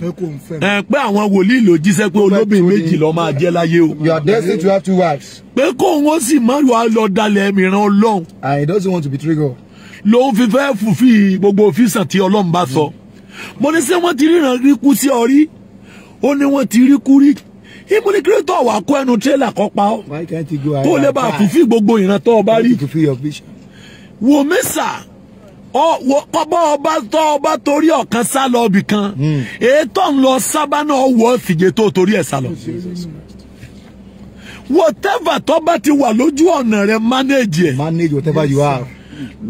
Speaker 2: pé àwọn wòlíì ló jíṣẹ́ pé olóbìn méjì ló máa jẹ́ láyé o. you are destined to have two wives. pé kóun ó sì má wàá lọ dalẹ̀ mìíràn ọlọ́run. and he doesn't want to be triggered. lòun fi fẹ́ fùfí gbogbo òfìsàn tí ọlọ́run bá sọ. Hmm. mo ní sẹ́ wọ́n ti ríran rí kú sí ọ rí ó ní wọ́n ti rí kú rí ibo ni kírẹ́tọ̀ wà kó ẹnu tírélà kan pa ọ́ kó lè bá gbogbo ìran tó o rí wò mí ọba tọ́ ọba torí ọ̀kan sá lọ ibì kan hmm. ètò ń lọ sábà náà wọ́ fìjẹ́ tó torí ẹ̀ sá lọ whatever tó bá ti wà lójú ọ̀nà rẹ̀ manage ẹ̀. manage whatever you have.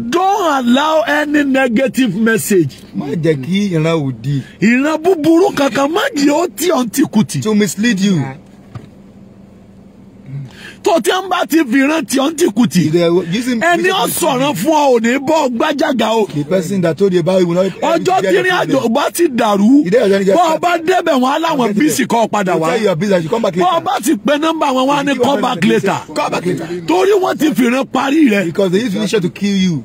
Speaker 2: don't allow any negative message. má jẹ́ kí ìran òdì. ìran búburú kankan má jẹ́ ó tí ọ̀ ń tìkùtì. to mislead you. Yeah tó tí ń bá ti fi rántí ọ́n ẹni ó sọ̀rọ̀ fún ọ ò bọ́ gbájàgà o. the person that told you about it will not. ọjọ́ tí àjò bá ti dàrú bọ́ ọ débẹ̀ wọn aláwọn bíìsì kọ́ padà wá bọ́ ọ ti pe nọ́mbà wọn wá ní call back later torí wọ́n ti fi rán parí rẹ̀. because they use finisher to kill you.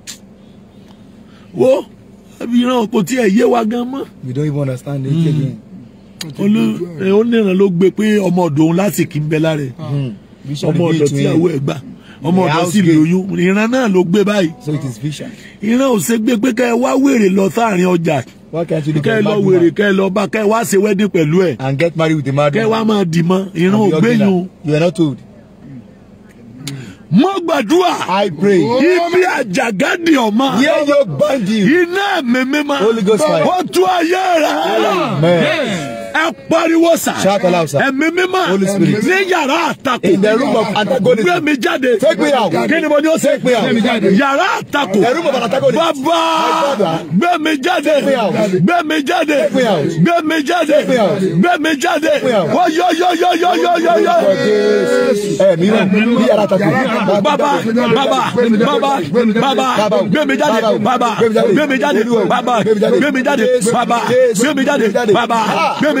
Speaker 2: wo ìran kò tiẹ̀ yé wa gan mọ́.
Speaker 3: we don't even understand it hmm. again.
Speaker 2: ó ní ìran ló gbé pé ọmọ ọ̀dọ̀ òun láti kí n bẹ lára ẹ̀ hmm. ọmọ ọ̀dọ̀ tíyàwó ẹ̀ gbà ọmọ ọ̀dọ̀ sì lóyún ìran náà ló gbé báyìí. so it is fiction. ìran ò ṣe gbé pé ká ẹ wá wèrè lọ sáàrin ọjà
Speaker 3: ká ẹ lọ wèrè
Speaker 2: ká ẹ lọ bá ká ẹ wá ṣe wedding pẹ̀lú ẹ̀. and get married with a mad man. ká ẹ wá máa dì mọ́ ìran ò gbé yun. you are not told. Mo gbàdúrà. I pray. Ibi àjàgádì ọ̀ma. Yẹ́yọ́ bandi. Iná ẹ̀mí mímá. Holy Ghost fire. Ó tú ayé rẹ̀. Amen. Yes ẹ pariwo sa ẹ̀mí mímọ́ ní yàrá àtakò gbé mi jáde kí ni mo ní o ṣe yàrá àtakò bàbá gbé mi jáde gbé mi jáde gbé mi jáde gbé mi jáde wọ́n yọ yọ yọ yọ yọ yọ yọ. ẹ̀mí mímọ́ ní yàrá àtakò. bàbá bàbá bàbá bàbá gbé mi jáde bàbá gbé mi jáde bàbá gbé mi jáde bàbá gbé mi jáde bàbá gbé mi.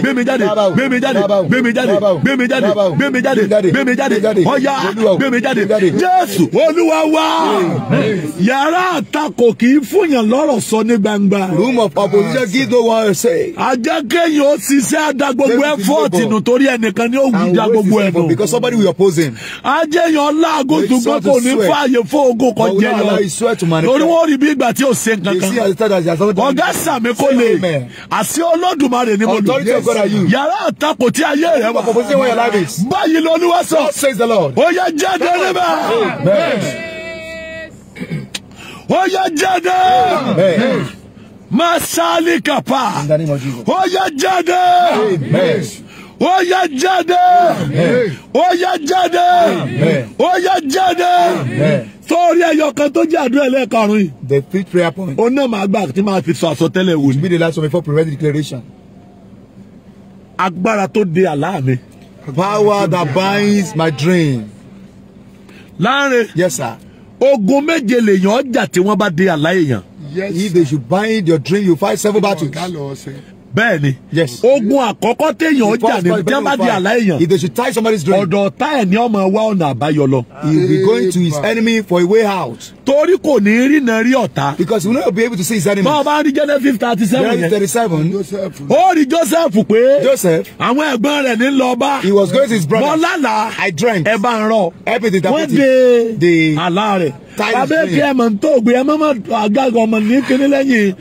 Speaker 2: jáde gbé mi jáde gbé mi jáde gbé mi jáde gbé mi jáde gbé mi jáde gbé mi jáde ọ̀yá gbé mi jáde jésù olúwa wa yàrá àtakò kì í fúnyàn lọ́rọ̀ sọ ní gbangba. room of opposition give no one say. ajá kéèyàn ó ṣiṣẹ́ àdá gbogbo ẹ̀fọ́ọ̀tì nù torí ẹnìkan ni ó wù já gbogbo ẹ̀ nù. because somebody will oppose him. ajé yan láàgùn dùgbọ́n kò ní fààyè fún ogun kan jẹ lọ. torí wọn rí bí ìgbà tí ò ṣe kankan. ọ̀gá sàmì kò lè àṣẹ olódùmarè ni mo lò yàrá àtakò tí ayé rẹ wà báyìí lọ́lúwa sọ ó yá jáde níbẹ̀ ó yá jáde masali kapa ó yá jáde ó yá jáde ó yá jáde ó yá jáde sọ́ọ́rí ẹyọ kan tó jẹ́ àdúrà ẹlẹ́ẹ̀karùn-ún yìí. the fifth prayer point. ó náà máa gbà tí máa fi sọ àsọtẹ́lẹ̀ wò ni. be the last
Speaker 3: one before prevent declaration
Speaker 2: agbára tó de àlá mi. power that binds my dream. láàrin. yes sir. ogun méje lèèyàn ọjà tí wọ́n bá de àlá èèyàn. yes sir. if they should bind your dream you fight several battles bẹ́ẹ̀ ni ogun àkọ́kọ́ téèyàn jà ní jábàdì àlá èèyàn ọ̀dọ̀ ọ̀tá ẹ̀ ní ọmọ wa ọ̀nà àbáyọ lọ. he will be going to his enemy for a way out. torí kò ní rí na rí ọ̀tá. because he will not be able to see his enemy. báwo bá rí Genesis thirty seven yẹn. thirty seven. ó rí Joseph pé. Joseph. àwọn ẹ̀gbọ́n rẹ̀ ní lọ bá. he was going to his brother. mọ́lálà. I drank. ẹ bá ń rọ. help it interpret it. wọ́n de àlá rẹ̀. tàbí ẹ fi ẹ̀ mọ̀ ń tó gbé ọmọ ní kíní lẹ́yìn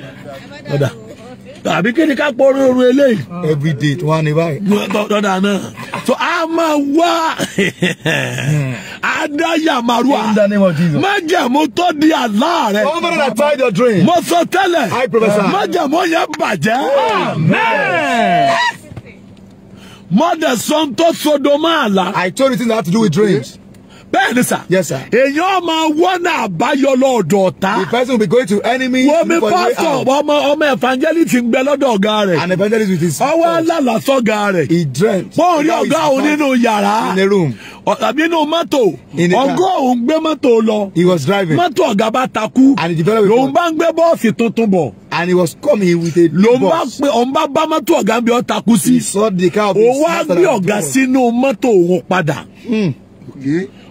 Speaker 2: àbí kí ni ká pọ̀ orí eléyìí. every day tí wọ́n á ní báyìí. dọ́dà náà so a máa wá adayamaruwa májẹ̀mú tó di àlá rẹ̀. over and outside your dream. mo sọ tẹ́lẹ̀ májẹ̀mú yẹn bàjẹ́. amen. mọ̀dẹ̀ sọ́n tó sodomọ́ àlá. I told you things that have to do with dreams bẹ́ẹ̀ ni sà. yes sir. èèyàn ọmọ wọ́nà àbáyọ lọ́dọ̀ ọ̀tá. the person will be going to enemy. wọ́n mi pastor, ọmọ ọmọ evangelist ń gbẹ lọ́dọ̀ ọ̀gá rẹ̀. an evangelist with his. ọwọ́ alálàsọ ọ̀gá rẹ̀. he dreamt. wọ́n rí ọ̀gá òun nínú yàrá. in the room. tàbí inú mọ́tò. in a car ọgọ́ òun gbé mọ́tò lọ. he was driving. mọ́tò ọ̀gá bá takú. and he developed a phone. lòun bá ń gbé bọ́ọ̀sì tuntun bọ̀ and he was coming with a big box. ló ń bá pé òun bá bá mọ́tò ọ̀gá bí ọ̀tá kú sí. he saw the car of his master and his boss. òun wá gbé ọ̀gá sínú mọ́tò òun padà. Hmm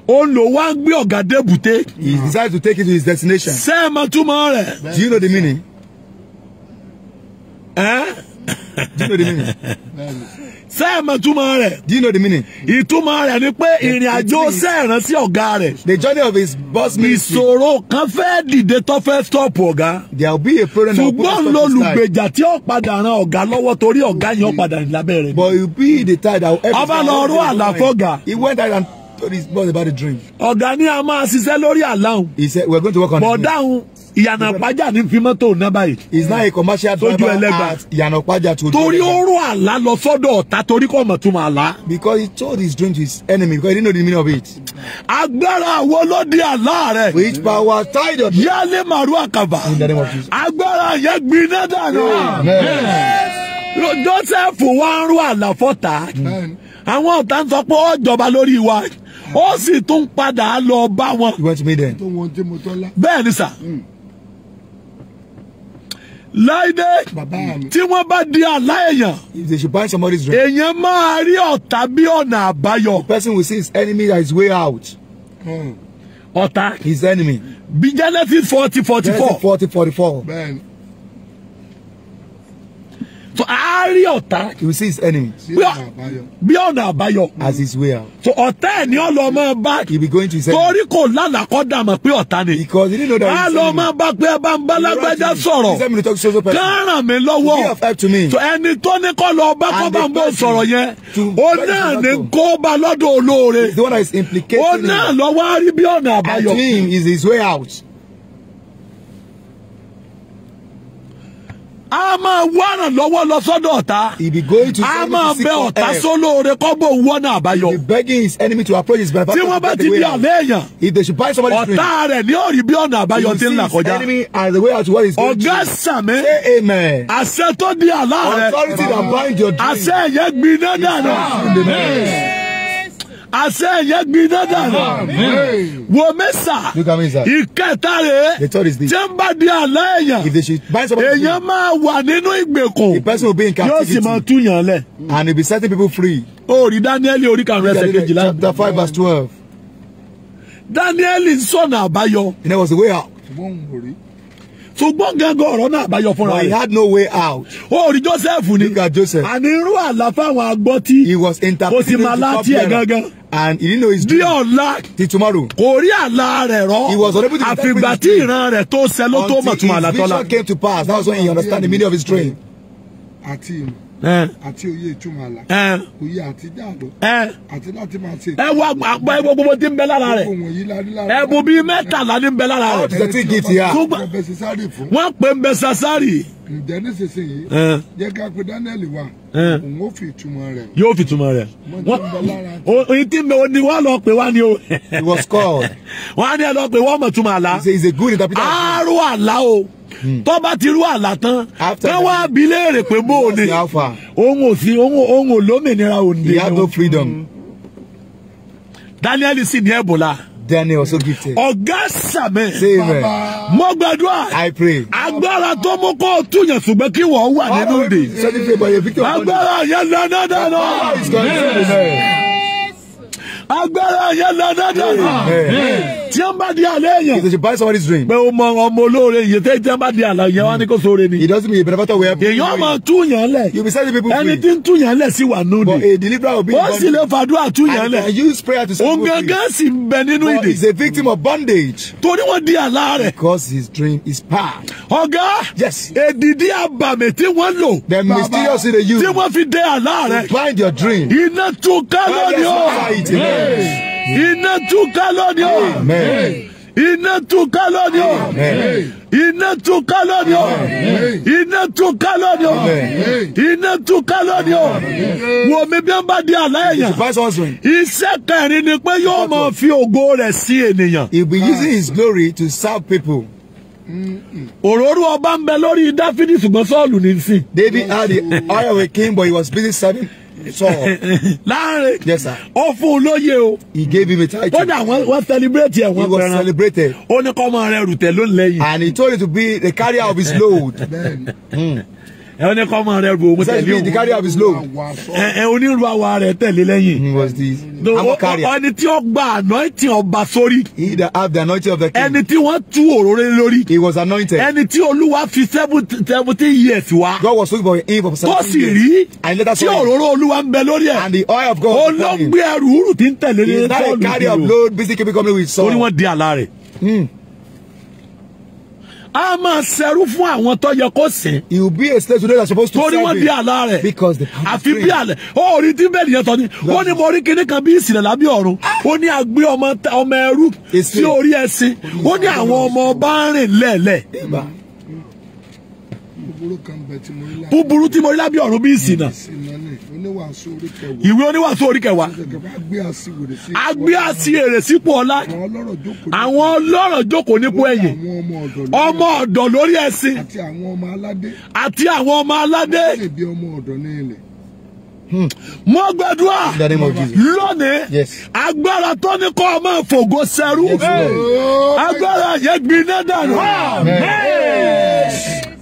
Speaker 2: ó ń lò wá ń gbé ọ̀gá dé bùté. he decided to take it to his destination. ṣé ẹ mọ túmọ̀ rẹ̀. do you know the meaning. Eh? do you know the meaning. ṣé ẹ mọ túmọ̀ rẹ̀. do you know the meaning. ìtumọ̀ rẹ̀ ni pé ìrìn àjò ṣe ìrántí ọ̀gá rẹ̀. the journey of his bus. ministry. ìṣòro kan fẹ́ dìde tó fẹ́ stop ọ̀gá. there will be a parent that go stop his life. ṣùgbọ́n lolùgbèjà tí ó padà ran ọ̀gá lọ́wọ́ torí ọ̀gá yẹn ó padà lábẹ́ rẹ̀. but he will be the type that will help his ọba lọ rú àlàfọ́gà. he went out and
Speaker 3: It's not about the drink.
Speaker 2: Ọ̀gá ni a máa ṣiṣẹ́ lórí àláhùn. He said we are going to work on it. Bọ̀dáhùn ìyànà pàjá ní fi mọ́tò ná báyìí. It's now a commercial driver tójú ẹlẹ́gbà
Speaker 3: ìyànà pàjá tójú ẹlẹ́gbà. Torí ó
Speaker 2: rún àlá lọ sọ́dọ̀ ọ̀tá torí kò mọ̀ tún máa lá. Because he told his dream to his enemy because he didn't know the meaning of it. Agbára wo ló di àlá rẹ̀? Which power tied up? Yálé màrú àkàbà. In the name of Jesus. Agbára yẹn gbiná dànù. Joseph wá ń rú àlàfọ́ta. Àwọn ọ̀tá ń sọ pé ó jọba lórí wa ó sì tún padà lọ bá wọn. you want to meet
Speaker 3: them.
Speaker 2: bẹ́ẹ̀ ni sà. Hmm. láìdé tí wọ́n bá di aláìyàn. they should buy somebody's drink. èèyàn máa rí ọ̀tá bí ọ̀nà àbáyọ. the person who sees enemy as way out. Hmm. ọ̀tá. his enemy. bí Genesis forty forty four. Genesis
Speaker 3: forty forty four. bẹ́ẹ̀ni
Speaker 2: so àárí ọ̀tá. he will see his enemies.
Speaker 3: bí
Speaker 2: ọ̀nà àbáyọ. as his way out. so ọ̀tá ẹ̀ ní ọlọ́ ọmọ he be going to his enemies. torí kò lánàá kọ́ dà mọ̀ pé ni. because he didn't know that he was enemy. alọ́ ọmọ bá pé ẹbá ń bá lágbájá sọ̀rọ̀. he said me to talk to so so person. káràn mi lọ́wọ́. he be to me. so ẹni tó ní kọ́ lọ ọba kọ́ bá ń bọ̀ sọ̀rọ̀ yẹn. go náà ní kó bá lọ́dọ̀ olóore. he is the one that is implicated. ó náà lọ́wọ́ á rí bí ọ̀nà àbáyọ. and to him is his way out. a máa wá lọ́wọ́ lọ sọ́dọ̀ ọ̀tá. he be going to his enemy a máa bẹ ọ̀tá sólóore kọ́bọ̀ wọ́nà àbáyọ. he be begging his enemy to approach his brother. tí wọ́n bá ti bí àlẹ́ èèyàn. if they should buy somebody, drink. ọ̀tá rẹ̀ ní òòrì bí ọ̀nà àbáyọ ti ń là kọjá. he be enemy as the way out to what is going to. ọ̀gá sàmé. say amen. àṣẹ tó di àlá rẹ. authority that bind your dream. àṣẹ yẹn gbiná dànù. amen. amen àṣẹ ẹ̀yẹ gbin dandan wo mẹ́sà ìkẹta rẹ̀ tí ń bá di àlá èèyàn èèyàn máa wà nínú ìgbèkùn yóò sì máa túyàn lẹ̀. and he be setting people free. ó rí Dáníẹ́lì orí karùn-ún ẹsẹ̀ kejìlá. chapter five verse twelve. Dáníẹ́lì sọ̀nà àbáyọ. and there was the way out ṣùgbọ́n gángan ọ̀rọ̀ náà àbáyọ fúnra rẹ̀. but he had no way out. ó rí Joseph ni. look Joseph. àní irú àlá fáwọn agbọ́tí. he was interpreting the top level. sì máa láti ẹ̀ gángan and he didn't know his dream. bí ọ̀la till tomorrow. kò rí àlá rẹ̀ rọ. he was unable to interpret his dream. àfìgbà tí ìran rẹ̀ tó ṣẹ tó mọ̀ tó until his vision came to pass that was when he understand the meaning of his dream.
Speaker 3: àti ìmọ̀. àti òye ìtumọ̀ àlá òye àtijọ́ àti láti máa
Speaker 2: ṣe. ẹ wá àgbà ẹgbẹ́ gbogbo tí ń bẹ lára ní ń bẹ lára ti yá. pè
Speaker 3: ń bẹ sasari. ǹjẹ́ nísinsìnyí jẹ́ ká Daniel òun ó fi ìtumọ̀ rẹ̀.
Speaker 2: yóò fi ìtumọ̀ rẹ̀. lọ pé ni o. he was called. á ní ẹ lọ pé mọ̀ tuma àlá. he is a good interpreter. o. Hmm. tó bá ti rú àlá tán ká wá bi léèrè pé bó o ní òun ò sí òun ò lómìnira òǹdè. no freedom. Daniel sì ní Ebola. Daniel also gifted. Ọ̀gá sàmẹ́. Say amen. Mo gbàdúrà. I pray. Agbára tó mú kó túyàn ṣùgbọ́n kí wọ́n wà nínú òde. Agbára yẹn lọ dáadáa lọ. Agbára yẹn lọ dáadáa lọ tí wọ́n bá di àlẹ́ yẹn. because you buy somebody's dream. pé o mọ ọmọ olóore yìí tí wọ́n bá di àlẹ́ yẹn wá ní kó sóore ni. it doesn't mean a benefactor will help you. èyàn máa tú yàn lẹ̀. you be sending people free. ẹni tí ń tú yàn lẹ̀ sí wà nù but a deliverer will be. ó sì lè fàdúrà tú yàn lẹ̀. and use prayer to send people free. òun sì ń bẹ nínú ìdè. but he is a victim of bondage. torí wọ́n di àlá rẹ̀. because his dream is power. ọ̀gá. yes. èdìdí àbàmì tí wọ́n lò. the mysterious in the youth. tí wọ́n fi dé àlá rẹ̀. to find your dream. iná tún ká lónìí o iná túká lónìí o iná túká lónìí o iná túká lónìí o iná túká lónìí o iná túká lónìí o wo mi bí wọn bá di àlá èèyàn iṣẹ́ kẹrin ni pé yóò máa fi ògo rẹ̀ sí ènìyàn. he be using his glory to serve people. Òróró ọba ń bẹ lórí Dáfídì ṣùgbọ́n Sọ́ọ̀lù ní í sìn. David had the oil of a king but he was busy serving sọ láàrin ó fún un lóye o he gave him a title kódà wọ́n wọ́n celebrate ẹ̀ wọ́n pẹ̀rẹ̀ he was celebrated ó ní kọ́ ọmọ rẹ̀ rùtẹ̀ ló lẹ́yìn and he told him to be the carrier of his load. ẹ ọ ní kọ́ ọmọ rẹ ro mo tẹ̀lé òun. the carrier of his load. ẹ onírú àwa rẹ tẹ̀lé lẹ́yìn. ẹni tí ó gba anointing ọba sórí. he that have the anointing of the king. ẹni tí wọ́n tú òróró lórí. he was anointed. ẹni tí olúwa fi seventeen years wá. God was looking for him for seventeen years. tó sì rí tí òróró olúwa ń bẹ lórí ẹ. and the oil of God. olóńgbé ẹrù urù tí ń tẹ̀lé ní he is not a carrier of load busy keeping company with Saul. orí wọn di àlá rẹ̀. Hmm a máa ṣẹrú fún àwọn tó yẹ kó sìn. he will be a slave today those that are supposed to serve him. torí wọ́n di àlá rẹ̀. because the power is free. àfi bí àlẹ̀ ó rí tíbẹ̀lì yẹn tọ́ ni ó ní mo rí kinní kan bí ìsìlẹ̀ lábẹ́ ọ̀run ó ní agbé ọmọ ẹrú sí orí ẹṣin ó ní àwọn ọmọ ọba ń rìn lẹ́ẹ̀lẹ́ẹ̀
Speaker 3: búburú tí mo rí lábẹ́ ọ̀run bí ìsìnà ìwé oníwàásù orí kẹwàá agbé àsìrè sípò ọlá àwọn
Speaker 2: ọlọ́rọ̀ jókòó nípò ẹ̀yìn
Speaker 3: ọmọ ọ̀dọ̀ lórí ẹṣin
Speaker 2: àti àwọn ọmọ aládé hmm. mo gbàdúrà lónìí agbára tó ní kọ́ ọmọ fògo sẹ́rú agbára yẹn gbiná dànù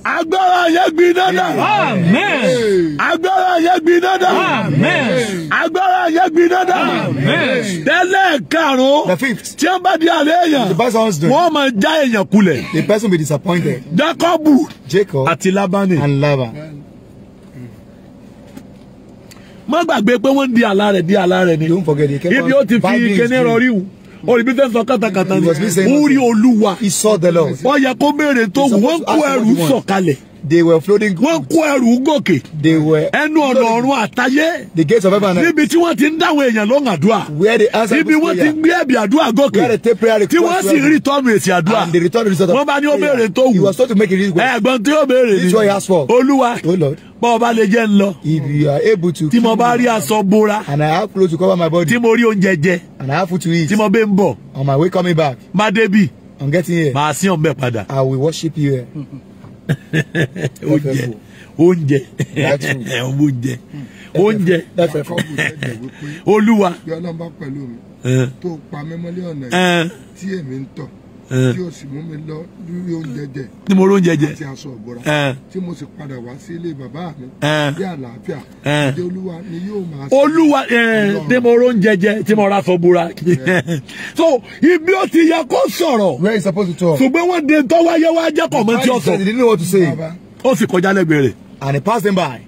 Speaker 2: agbára yẹn gbin dandan. Amen. agbára yẹn gbin dandan. Amen. agbára yẹn gbin dandan. Amen. tẹ́lẹ̀ karùn-ún. the fifth. tí wọ́n bá di àlẹ́ èèyàn. the person was doing. wọ́n máa já èèyàn kulẹ̀. the person be disappointed. Jacobu. Jacob. àti Labani. and Laban. Yeah má gbàgbé pé wọ́n ń di àlá rẹ̀ di àlá rẹ̀ ni ibi ó ti fi kíní rọrí wù olùbí fẹ́ sọ kátàkátà ni ó rí olúwa ó yẹ kó béèrè tó wọ́n kó ẹrù sọ̀kalẹ̀ they were floating. wọ́n kó ẹrù gòkè. they were. ẹnu ọ̀nà ọ̀run àtayé. the gates of heaven. níbi tí wọ́n ti ń dáwọ́ èèyàn lóhùn àdúrà. where the answer was ibi wọ́n ti ń gbé ẹ̀bì àdúrà gòkè. where they prayer request. tí wọ́n sì rí tọ́nu èsì àdúrà. and they return the result of prayer. wọ́n bá ní ó béèrè tó wù. he was told to make a request. ẹ̀gbọ́n tí ó béèrè ni. this one he asked for. olúwa. oh lord lè jẹ́ ń lọ. if you are able to. tí mo bá rí aṣọ bora. and I have clothes to cover my body. tí mo rí oúnjẹ jẹ. and I have food to eat. tí mo bẹ́ ń bọ̀. on my way coming back. má débi. I'm getting here. màá sí ọ̀nbẹ padà. I will worship you here. Mm-hmm oúnjẹ hmm. oúnjẹ oúnjẹ oúnjẹ olúwa.
Speaker 3: bí ọlọ́mọ pẹ̀lú mi eh. tó pa mímọ́lé ọ̀nà yìí eh. tí èmi ń tọ̀ tí o sì mú mi lọ lórí oúnjẹ jẹ tí mo rí jẹ àti aṣọ ìbora tí mo sì padà wá sí ilé bàbá mi bí àlàáfíà ìdí olúwa ni yóò máa ṣe olúwa
Speaker 2: tí mo rí jẹ tí mo ra aṣọ so ibi ó ti yẹ kó sọ̀rọ̀ where you supposed to talk ṣùgbọ́n wọ́n de tọ́wáyé wá jẹ́ kọ̀mọ́tì ọ̀sán ó sì kọjá lẹ́gbẹ̀ẹ́ rẹ̀ and he passed him by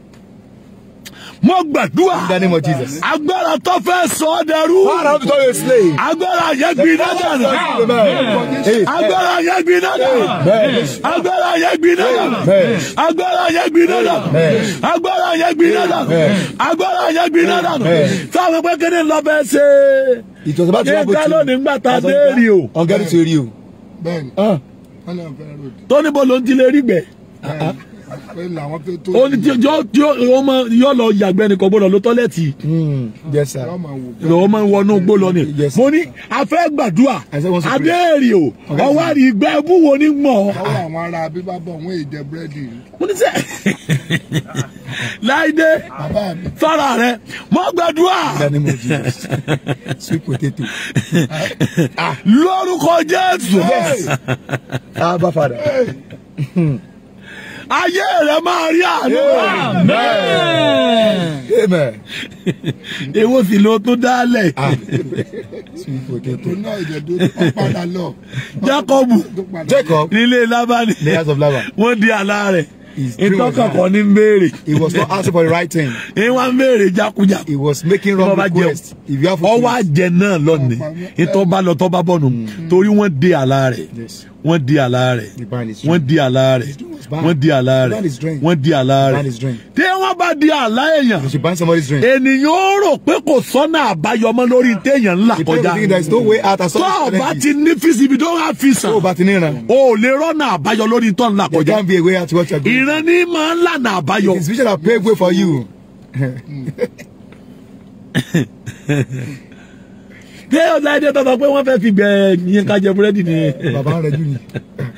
Speaker 2: mo gbàdúrà. in the name of Jesus. agbára tó fẹ́ sọ ọ́ dẹrú. power of the slave. agbára yẹn gbin náà dànù. agbára yẹn gbin náà dànù. agbára yẹn gbin náà dànù. agbára yẹn gbin náà dànù. agbára yẹn gbin náà dànù. agbára yẹn gbin náà dànù. táwọn pé kéde lọ bẹ́ẹ̀
Speaker 3: ṣe. ìjọba tí wọ́n bó ti. yéé kálọ̀ nígbà tá dé rí o. ọ̀gá ti rí o. bẹ́ẹ̀ni
Speaker 2: tóní bó ló ń dilé rí gbẹ
Speaker 3: pé làwọn fẹ́ tó. ó ní tí
Speaker 2: yọ ọmọ yọ lọ yàgbẹ́ nìkan gbọ́dọ̀ lọ tọ́lẹ̀tì. ọmọ hmm. wọnú gbó ni mo ní a fẹ́ gbàdúrà abéèrè o ọwọ́ àrígbẹ́ ẹbú wo ni
Speaker 3: mọ̀. ọwọ́ àwọn ará bíbá bọ̀ wọ́n èdè búrẹ́dì. mo ní sẹ́
Speaker 2: láìdé fara rẹ mọ gbàdúrà lórúkọ Jésù ayé rẹ máa rí àánú. amen. èwo sì ló tó dálẹ̀. ètò náà ìjẹ̀dó padà lọ. Jákọ́bù nílé Lábánì wọ́n di àlá rẹ̀ ìtọ́kàn kan ní béèrè. he was not asking for the right thing. ìwà ń béèrè jákujà. he was making wrong request. ọwọ́ àjẹ náà lọ́nìí ìtọ́ba lọ́tọ́ba bọ̀nù mm. torí wọ́n de àlá rẹ̀ wọ́n di àlá rẹ̀ wọ́n di àlá rẹ̀ wọ́n di àlá rẹ̀ wọ́n di àlá rẹ̀ tí wọ́n bá di àlá èèyàn ènìyàn ó rò pé kò sọ́nà àbáyọmọ lórí téèyàn ńlá kọjá tó o bá ti ní fisi ibi tó wá fi sàn o ò lè rọ́nà àbáyọ lórí tó ńlá kọjá ìran ní máa ń lànà àbáyọ. His vision have pay way for you. ṣé ọ̀sán ẹ̀dẹ́ tó sọ pé wọ́n fẹ́ fi gbẹ̀ẹ́ yín ká jẹ búrẹ́dì ni. bàbá rẹ jù ni.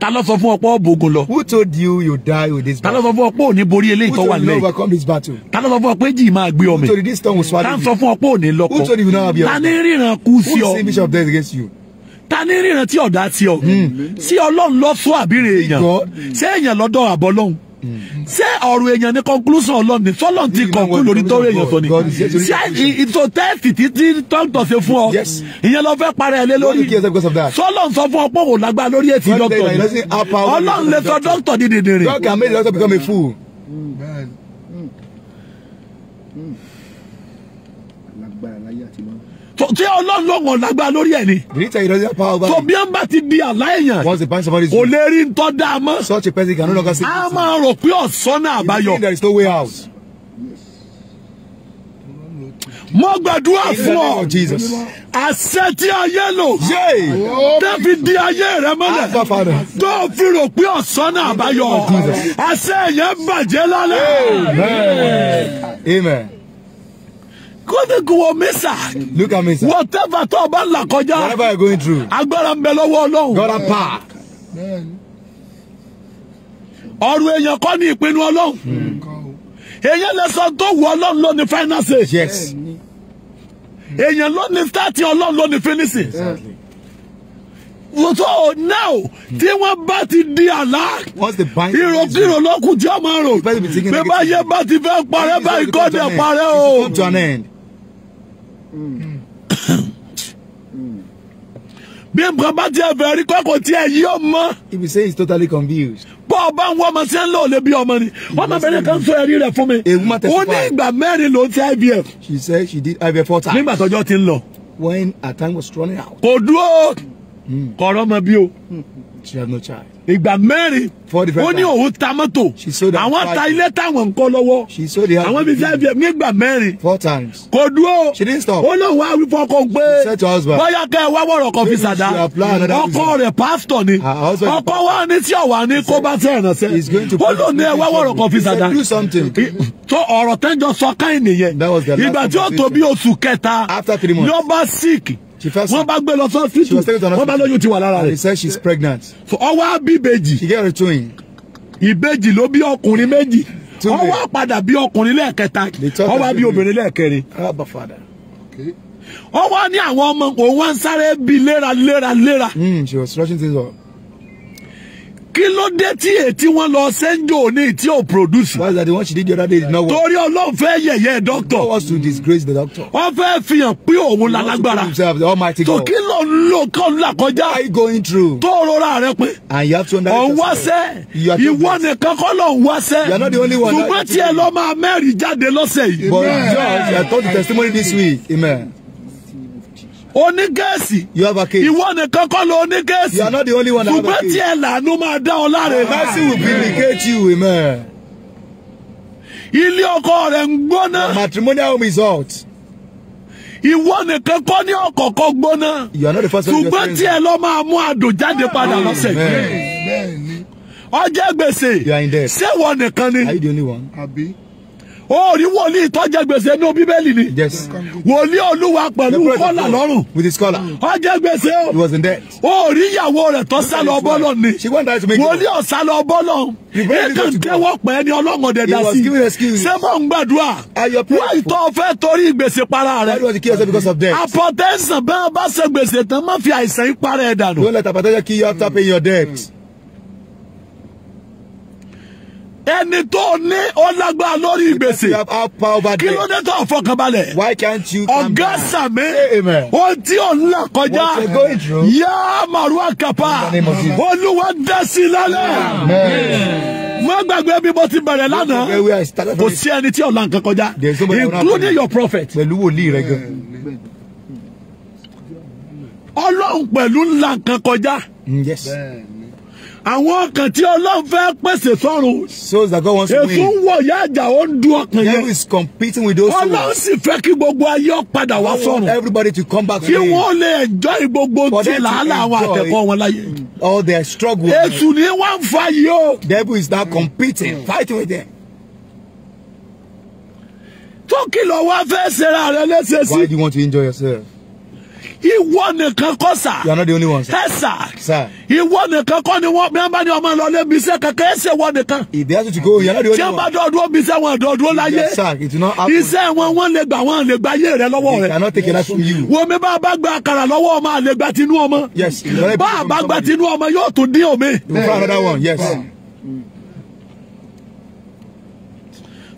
Speaker 2: ta ló sọ fún ọpọ bògùn lọ. who told you you die with this battle. ta ló sọ fún ọpọ òní borí eléyìí tó wà lẹ́yìn. who told you you overcome this battle. ta ló sọ fún ọpọ èjì máa gbé ọmọ. who told you this tongue will swallow you. ta ń sọ fún ọpọ òní lọ́kọ. who told you you now be your. ta ní ríran kú sí ọ. who is Bishop image death against you ta ní ríran tí ọ̀dà ti ọ sí hmm. ọlọ́run lọ́sọ àbí èèyàn sí èèyàn lọ́dọ̀ àbọ̀lọ́hún ṣé ọ̀rọ̀ èèyàn ní conclusion ọlọ́run ní sọ́lọ́n ti conclude lórí tọ́rọ èèyàn sọ ni ṣé ìtò tẹ́ẹ̀sì títí tọ́ǹtọ̀ ṣe fún ọ ìyẹn lọ fẹ́ para ẹ lé lórí sọ́lọ́n sọ fún ọ pé òun lágbára lórí èsì dọ́kítọ̀ ọlọ́run lè sọ dọ́kítọ̀ ní dèdèrè. tí ọlọ́run lọ́wọ́ lágbára lórí ẹ̀ ni. the leader doesn't have power over him. ti di àláyàn. once the pan somebody is. kò lè rí ntọ́ dáa mọ́. such a person can no longer see. a máa rò pé ọ̀sán náà àbáyọ. there is no way out. mo gbàdúrà fún ọ àṣẹ tí ayé lò tẹ́fi di ayé rẹ mọ́lẹ̀ tó fi rò pé ọ̀sán náà àbáyọ àṣẹ yẹn bàjẹ́ lálẹ́. amen. amen. amen kódégowó mẹ́sà. look at me whatever tó o bá là kọjá. whatever you going through. agbára ń bẹ lọ́wọ́ ọlọ́run. God and power. ọ̀rọ̀ èèyàn kọ́ ni ìpinnu ọlọ́run. èèyàn lè sọ tó wù ọlọ́run ló ní final say. yes. èèyàn ló ní starting ọlọ́run ló ní finishing. Exactly so now tí wọ́n bá ti di àlá ìròkìrò lókùn tí ọmọ rò bí bá yẹ bá ti fẹ́ parẹ́ báyìí kọ́ ni ẹ̀ parẹ́ o bí nǹkan bá tiẹ̀ fẹ́ rí kọ́kọ́ tí ẹ yí ọmọ. if you say he's
Speaker 3: totally confused.
Speaker 2: bọ́ ọ bá ń wọ ọmọ sí ẹ ń lọ òde bí ọmọ ni ọmọbìnrin kan sọ ẹrí rẹ fún mi. èwú má tẹ̀sí fún wa ó ní ìgbà mẹ́rin ló ti IVF. she said she did IVF four times. nígbà tọjọ́ ti ń lọ. when her time was running out. kò dúró hmm. kọ̀ọ̀rọ̀ mọ bí o. Hmm she has no child. ìgbà mẹ́rin ó ní òun ta mọ́tò àwọn ta ilé táwọn ń kọ́ lọ́wọ́ àwọn bíi five years nígbà mẹ́rin kò dúró ó lóun wá wí fọkọ pé bóyá kẹ́ ẹ wá wọ̀rọ̀ kan fi ṣàdá ọkọ rẹ̀ pásítọ̀ ni ọkọ wa ní tí ọ̀wà ní kó bá tẹ̀ ẹ̀ràn sẹ́ ó lóun ní ẹ wá wọ̀rọ̀ kan fi ṣàdá tó ọ̀rọ̀ tẹ́jọ sọ káyìn nìyẹn ìgbà tí ó tó bí oṣù kẹta yọba sick wọ́n bá gbé lọ sọ síìtì wọ́n bá lóyún ti wà lára rẹ̀. she said she is pregnant. ọwọ́ bí ìbejì. she get retweeting. ìbejì ló bí ọkùnrin méjì ọwọ́ padà bí ọkùnrin lẹ́ẹ̀kẹta ọwọ́ bí obìnrin
Speaker 3: lẹ́ẹ̀kẹrin. abba father.
Speaker 2: ọwọ́ ní àwọn ọmọ òun wá ń sáré bí léraléraléra. Hmm, she was rushing things up kí ló dé tí ètí wọn lọ sẹ́ńjọ́ ní tí ò produce. why is that the one she did the other day is not work. torí ọlọ́run fẹ́ yẹ̀yẹ́ doctor. he wants to disgrace the doctor. wọ́n fẹ́ fi hàn pé òun lálágbára. he wants to prove himself the almighty God. tó kí ló ń lò kán là are you going through. tó rọra rẹ pé. and you have to understand. òun wáṣẹ́ ìwọ nìkan kọ́ ló ń wáṣẹ́. you are not the only one. ṣùgbọ́n tí ẹ lọ máa mẹ́rin jáde lọ́sẹ̀ yìí. but George I told the testimony this week amen. onígẹ̀ẹ́sì. you have a case. ìwọ nìkan kọ́ ló onígẹ̀ẹ́sì. you are not the only one ọkọ matrimonial home is hot. ìwọ nìkan kọ́ ní ọ̀kọ̀ọ̀kọ̀ gbóná. you are not the first one the only one. ó rí wòlíì tọ́jẹ gbèsè ní bíbélì ni wòlíì olúwa pẹ̀lú kọ́là lọ́rùn ọjẹ gbèsè ó rí ìyàwó rẹ̀ tó sá lọ bọ́lọ̀ ni wòlíì ọ̀sá lọ bọ́lọ̀ ẹ̀kan tẹ́wọ́ pẹ́ ni ọlọ́run dẹ̀dá sí ṣé mò ń gbàdúrà wọ́n ìtọ́ fẹ́ torí gbèsè para rẹ̀ àpọ̀tẹ́sán bẹ́ẹ̀ bá ṣe gbèsè tán má fi àìsàn ìparẹ́ dànù. don't let apatẹ́jẹ́ kí you after paying your debt ẹni tó ní ó lágbára lórí gbèsè kí ló dé tó fọkànbalẹ̀ ọ̀gá sàmì ohun tí ò ń là kọjá yá màrúwà kápá olúwa dá lálẹ́ mo gbàgbé bí mo ti bẹ̀rẹ̀ lánàá kò sí ẹni tí ò là nǹkan kọjá including your prophet. pẹ̀lú wòlíì rẹ gan. ọlọ́run pẹ̀lú là nǹkan kọjá. Mm, àwọn ọkàn tí ọlọ́run fẹ́ pèsè sọ́run. souls that God wants to win. èso ń wọ̀ ya àjà ó ń du ọkàn yẹn. devil is competing with those souls. ọlọ́run sì fẹ́ kí gbogbo ayé padà wá sọ́run. everybody to come back to him. kí wọ́n lè enjoy gbogbo tí làálàá àwọn àtẹ̀kọ́ wọn láyé. all their struggle. èṣù ni wọ́n ń fa yìí o. devil is now competing fighting with them. tó kìlọ̀ wá fẹ́ ṣe rẹ léṣe sí. why do you want to enjoy yourself ìwọ nìkan kọ́ sà. you are not the only one sir. ẹ sà ìwọ nìkan kọ́ ni wọ́n bí wọ́n bá ní ọmọ ìlọlé bí iṣẹ́ kankan ẹ ṣe wọ nìkan. if they ask you to go you are not the only one. tí wọ́n bá dọ̀ dúró bí iṣẹ́ wọn dọ̀ dúró láyé. yes sir it is not happen. iṣẹ́ wọn wọn lè gbà wọn lè gba ayé rẹ lọ́wọ́ rẹ. they cannot take it out from you. wo mi bá a bá gba àkàrà lọ́wọ́ ọmọ àlè gba tinú ọmọ. yes bá a bá gba tinú ọmọ yóò tún dín omi. you will find another one yes. Yeah.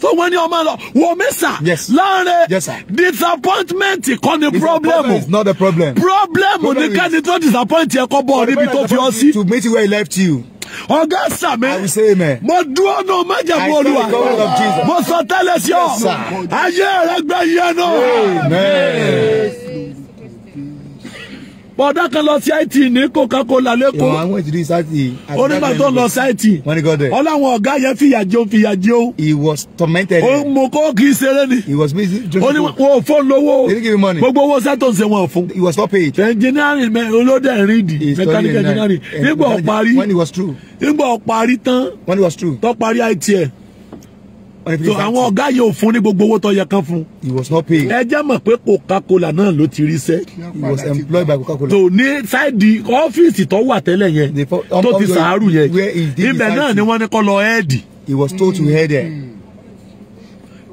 Speaker 2: tó wọ́n ní ọmọ lọ wò mí sà láàrin disappointment kọ́ ni problem o problem ni kẹ́ni tó disappoint yẹ kọ́ bọ̀ níbi tó fi ọ sí. to meet you where he left you ọgá sàmẹ mo dúró nù májàmú olúwa mo sọ tẹ́lẹ̀ sí ọ ayé rẹ gbẹ yẹn nù bọ̀dá kan lọ sí IT ní Coca-Cola lẹ́kọ̀ọ́. ìwọ̀n
Speaker 3: àwọn ìdílé sáìtì.
Speaker 2: onígbà tó lọ sáìtì. wọ́n ní gọ́dẹ̀. ọlọ́wọ́n ọ̀gá yẹn fìyà jẹ o fìyà jẹ o. he was tormented. ó mọ kó kì í ṣeré ni. he was busy drinking. ó ní wọn ò fún lówó. they didn't give him money. gbogbo owó sẹ́tò ń ṣe wọn fún. he was not paid. engineering olóde rídì mechanical engineering nígbà ó parí. when he was through. nígbà ó tán. when he was through. tó parí IT ẹ̀ so àwọn ọ̀gá yìí ò fún ní gbogbo owó tó yẹ kán fún. he was not paid. ẹ jẹ́ mọ̀ pé coca-cola náà ló ti rí sẹ́. he was employed by coca-cola. tó ní sáìdì ọ́fíìsì tó wà tẹ́lẹ̀ yẹn tó ti sàárù yẹn ibẹ̀ náà ni wọ́n ní kó lọ ẹ́ẹ̀dì. he was told to head there.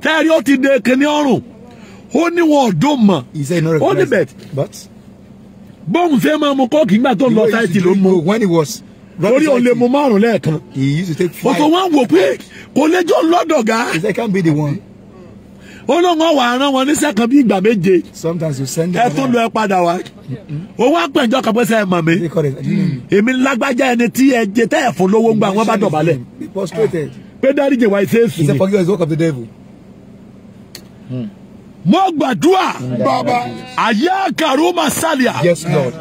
Speaker 2: tẹ́rí ó ti de kíní ọ̀rùn ó ní wọn ọ̀dọ́ mọ̀ ó ní bẹ̀ bọ́ọ̀mù fẹ́ máa mu kọ́ọ̀kì nígbà tó ń lọ sáìtì ló mú. when he was torí òun lè mú márùn lẹ́ẹ̀kan ọ̀tọ̀ wọn wò pé kò lè jọ lọ́dọ̀ ga. he said can't be the one. ó ló ń wá àárán wọn níṣẹ́ kan bí ìgbà méje ẹ tún lọ ẹ padà wá ó wá pẹ̀jọ́ kan pé sẹ́ ẹ mọ̀ mi èmi lágbájá ẹni tí ẹ jẹ tẹ́ ẹ fún lówó gbà wọ́n bá dọ̀bálẹ̀ pé dáríje wa ṣe é sùn ni mo gbàdúrà ayé àkàrú masalia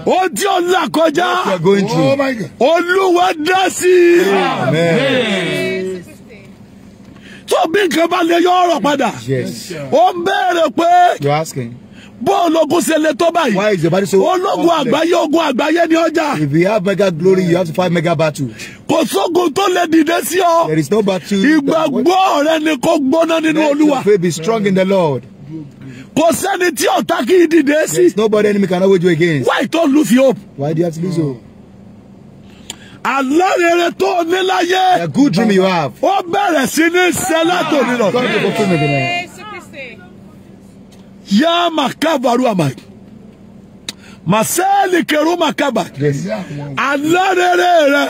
Speaker 2: ó di ọ̀la kọjá oh olúwa dá sí i tó bí nǹkan bá lè yọ ọ̀rọ̀ padà ó ń You pé bó ológun ṣe le tó báyìí ológun àgbáyé ogun àgbáyé ni ọjà. if you have mega glory you have to fight mega battle. kò sógun tó lè dìde sí ọ. there is no battle. ìgbàgbọ́ rẹ ni kó gbóná nínú olúwa. let your faith be strong in the Lord kò sẹ́ni tí ọ̀tá kì í dìde nobody enemy cannot wage you against. why don't lose your hope. why do you have to lose hope. Allah rere tó o ní láyé. The good dream you have. Ó bẹ̀rẹ̀ sí ní sẹ́lá tòní lọ. Yá màkà bàrú àmàlí. Maseli keruma kaba. Yes.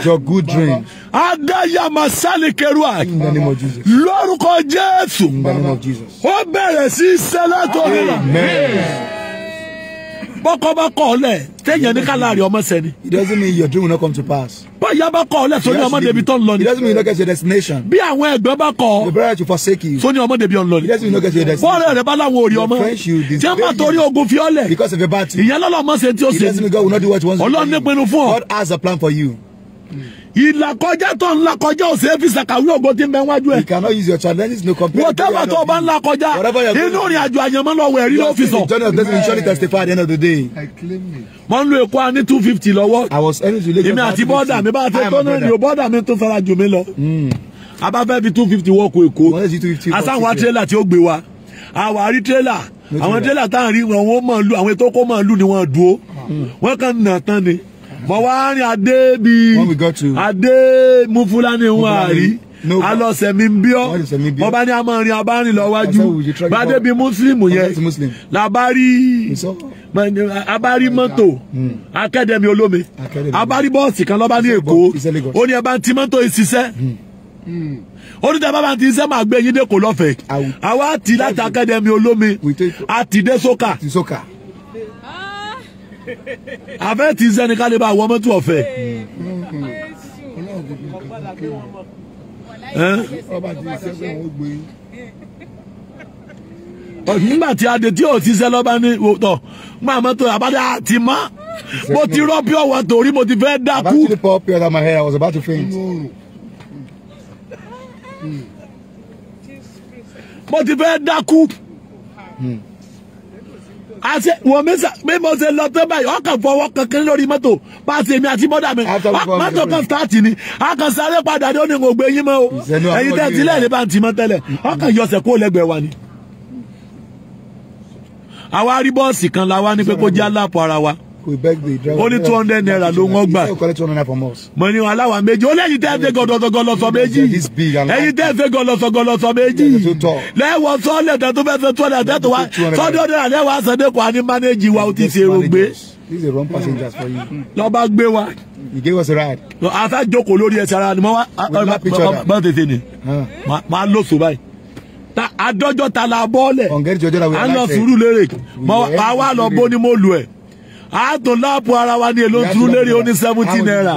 Speaker 2: Your good dream. Adaya masali kerua. In the name of Jesus. Lórúkọ Jésù. In the name of Jesus. Ó bẹ̀rẹ̀ sí Amen. Amen bọ́kọ́ bá kọ́ ọ lẹ̀ téèyàn ní kálárì ọmọ sẹ́ni. it doesn't mean your dream will not come to pass. bọ́ọ̀yà bá kọ́ ọ lẹ̀ sóní ọmọ débi tó ń lọ ni. it doesn't mean you no get your destination. bí àwọn ẹgbẹ́ bá kọ́ ọ. your brother to forsake you. sóní ọmọ débi ọ̀n lọ ni. it doesn't mean you no get your destination. bọ́ọ̀rẹ́ rẹ bá láwọn òrì ọmọ. your friends you you. tí a máa torí ogun fi ọ because of your bad thing. ìyẹn lọ́lọ́ ọmọ ṣe tí ó ṣe. it doesn't mean God will not do what he wants to do. God has a plan for you. Mm ìlàkọjá tó ń làkọjá ò ṣeé fi ṣàkàwé ògo tí ń bẹ wájú ẹ. you cannot use your challenges no compare. wọ́n tẹ́wọ̀ tó o bá ń làkọjá inú ìrìn àjò àyànmọ́ lọ wẹ̀ rí ló fi sọ. john of blessing will surely testify at the end of the day. mo ń lo èkó a ní two fifty lọ́wọ́. i was earning to lagos. èmi àti bọ́dà mi bá a ṣe tó náà ni o bọ́dà mi tó fara jù mí lọ. Hmm. a bá fẹ́ fi two fifty wọ́ọ̀kù èkó asáwọn tírélà tí ó gbé wa àwa rí tírélà àwọn tírélà táwọn rí wọn wọn máa lu àwọn ètò kó máa lu ni wọn dúró hmm. wọn kàn nà tán ni mo wá rìn adé bi adé mú fúlàní wọn àrí alọsẹ mi ń bí mo bá ní àmọ rìn abárin lọ wájú bá débi muslim yẹn labari abari mọ́tò hmm. akẹdẹmi olómi abari bọ́ọ̀sì kan lọba ní èkó ó ní ẹ bá ń ti mọ́tò yìí ṣiṣẹ́ oníta hmm. hmm. bàbá ti sẹ́ máa gbé yín dé kò lọ́fẹ̀ẹ́ àwa ti láti akẹdẹmi olómi àti dé sókà afẹ́ tí ń sẹ́ni ká lè bá àwọn mọ́tò ọ̀fẹ́. nígbà tí adé tí ò ti sẹ́ lọ́ba ní tọ̀ nígbà mọ́tò àbádá ti mọ́ mo ti rọ́ pure water torí mo ti fẹ́ dákú. pure water on my hair I was mo ti fẹ́ dákú. Hmm àti wọn mẹsà pé mo ṣe lọ tán báyìí ọkàn fọwọ́ kankan lórí mọ́tò pàṣẹ èmi àti mọ́dà mi mọ́tò kan sítáàtì ni ọkàn sáré padà ní onígun ògbé yín mọ́ o ẹ̀yin tẹ́ ti lẹ́ẹ̀lẹ́ bá ń tì mọ́ tẹ́lẹ̀ ọkàn yọ̀ọ̀sẹ̀ kó lẹ́gbẹ̀ẹ́ wa ni. àwa rí bọ́ọ̀sì kan la wá ní pé kó jẹ́ aláàpọ̀ ara wa we beg the driver. ó ní two hundred naira ló wọ́n gbà. he two hundred naira from us. mo ní aláwa méjì ó lẹ́yìn tẹ́ fẹ́ gọlọsọgọlọ sọ méjì ẹ̀yin tẹ́ fẹ́ gọlọsọgọlọ sọ méjì lẹ́wọ̀n sọ́ọ̀lẹ̀ tẹ́ tó fẹ́ fẹ́ tọ́lẹ̀ tẹ́ tó wá sọ́ọ̀dọ̀ náírà lẹ́wọ̀n àsọdẹ́kọ̀ àní mánéjì wa ó ti ṣe rògbé.
Speaker 3: This is the wrong passengers for you.
Speaker 2: lọ bá gbé wa. you gave us a ride. lọ ata jókòó lórí ẹsẹ̀ ara ni mo wá. we no picture that. bá tètè ni máa lóso báyìí adọ́jọ́ ta la bọ́ọ̀lẹ̀. ọ̀ngẹ́rì jọjọ́ la wíwá láti rẹ̀. a lọ sùúrù lérè. màá wá lọ bó ni mo lù ẹ̀ a tún láàpù ara wa ní èlò dúró lérí ó ní seventeen naira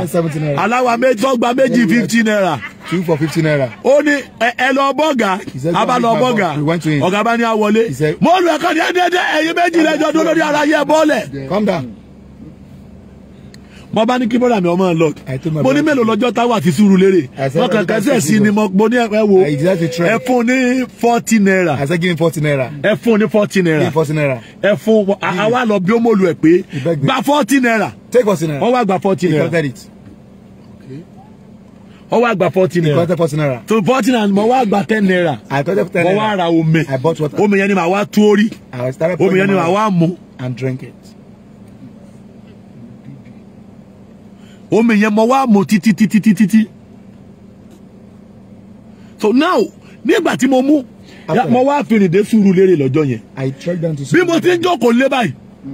Speaker 2: aláwa méjọgba méjì fifteen naira. two for fifteen naira. ó ní ẹ lọ bọ́gà a bá lọ bọ́gà ọ̀gá bá ní àwọlé mo lù ẹ̀kọ́ ní ẹ̀ẹ́dẹ́gbẹ́ ẹ̀yin méjì lẹ́jọ́ dúró lórí ara yẹ bọ́ọ̀lẹ̀. calm down mo bá ní kí bọ́dà mi ọmọ lọ mo ní mélòó lọ́jọ́ táwọn àti sùúrù lérè mo kàn kẹsẹ̀ sí ni mo ní ẹ wo ẹ fún ní forty naira
Speaker 3: ẹ
Speaker 2: fún ní forty naira ẹ fún àwa lọ bí ó mọ̀ lù ẹ pé gba forty naira wọ́n wá gba forty naira ó wá gba fourteen naira. ìkọ́tẹ́ fourteen naira. to fourteen naira mo wá gba ten naira. àìkọ́tẹ́ ten naira. mo wá ra omi. I bought water. omi yẹn ni màá wá tú orí. omi yẹn ni màá wá mu. and drink it. omi yẹn mo wá mu títí títí títí títí so now nígbà tí mo mú mo wá fi rìndé sùúrù lérè lọ́jọ́ yẹn bí mo ti ń jókòó lé báyìí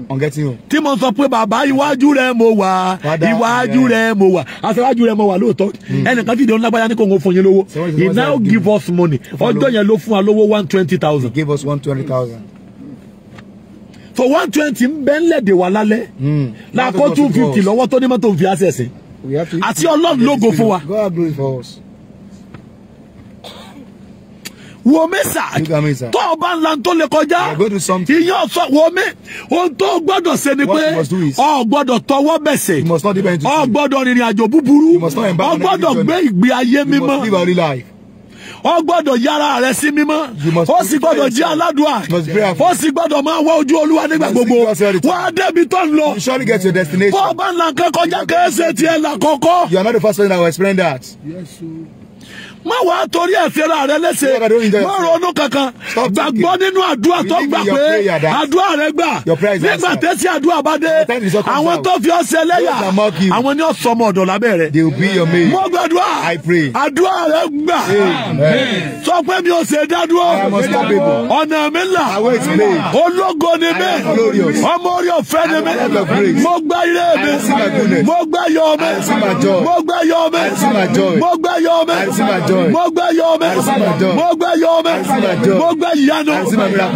Speaker 2: mm. tí mo sọ pé bàbá iwájú rẹ mo wà iwájú rẹ mo wà aṣáájú rẹ mo wà lóòótọ́ mm. ẹnìkan ti di ọ̀nà ní kò fún yín lówó he now give us money ọjọ́ yẹn ló fún wa lówó one twenty one twenty thousand so one twenty ń bẹ́ ńlẹ̀ dè wá lálẹ́ hmm. làkọ́ two fifty lọ́wọ́ tó ní mọ́tò ń fi àṣẹ sí
Speaker 3: àti ọlọ́run lógo fún
Speaker 2: wa. God do it for us wo mi sa tó o bá ń la tó lè kọjá ìyẹn ọ̀sọ́ wo mi ohun tó gbọ́dọ̀ ṣe ni pé o gbọ́dọ̀ tọwọ́ bẹ̀sẹ̀ o gbọ́dọ̀ rìnrìn àjò búburú o gbọ́dọ̀ gbé ìgbé ayé mímọ́ ọ gbọ́dọ̀ yára rẹ sí mímọ́ ó sì gbọ́dọ̀ jẹ́ aládùá ó sì gbọ́dọ̀ máa wá ojú olúwa nígbà gbogbo wà á débi tó ń lọ bó o kọjá kẹ́sẹ̀ tiẹ̀ là you are not the first person that will explain that.
Speaker 4: Yes, sir
Speaker 2: má wàá torí àṣírà rẹ léṣe má ronú kankan gbàgbọ́ nínú àdúrà tó gbà pé àdúrà rẹ gbà nígbà tẹ́sí àdúrà bá dé àwọn tó fi ọ́ ṣe lẹ́yà àwọn ni ó sọ ọmọ ọ̀dọ̀ lábẹ́ rẹ mo gbàdúrà àdúrà rẹ gbà sọ pé mi ò ṣe dádúró ọ̀nà mi là ológo ni mi ọmọ orí ọ̀fẹ́ ni mi mo gbà ire mi mo gbà yọ mi mo gbà yọ mi mo gbà yọ mi mo gbé yọ mẹ mo gbé yọ mẹ mo gbé yanu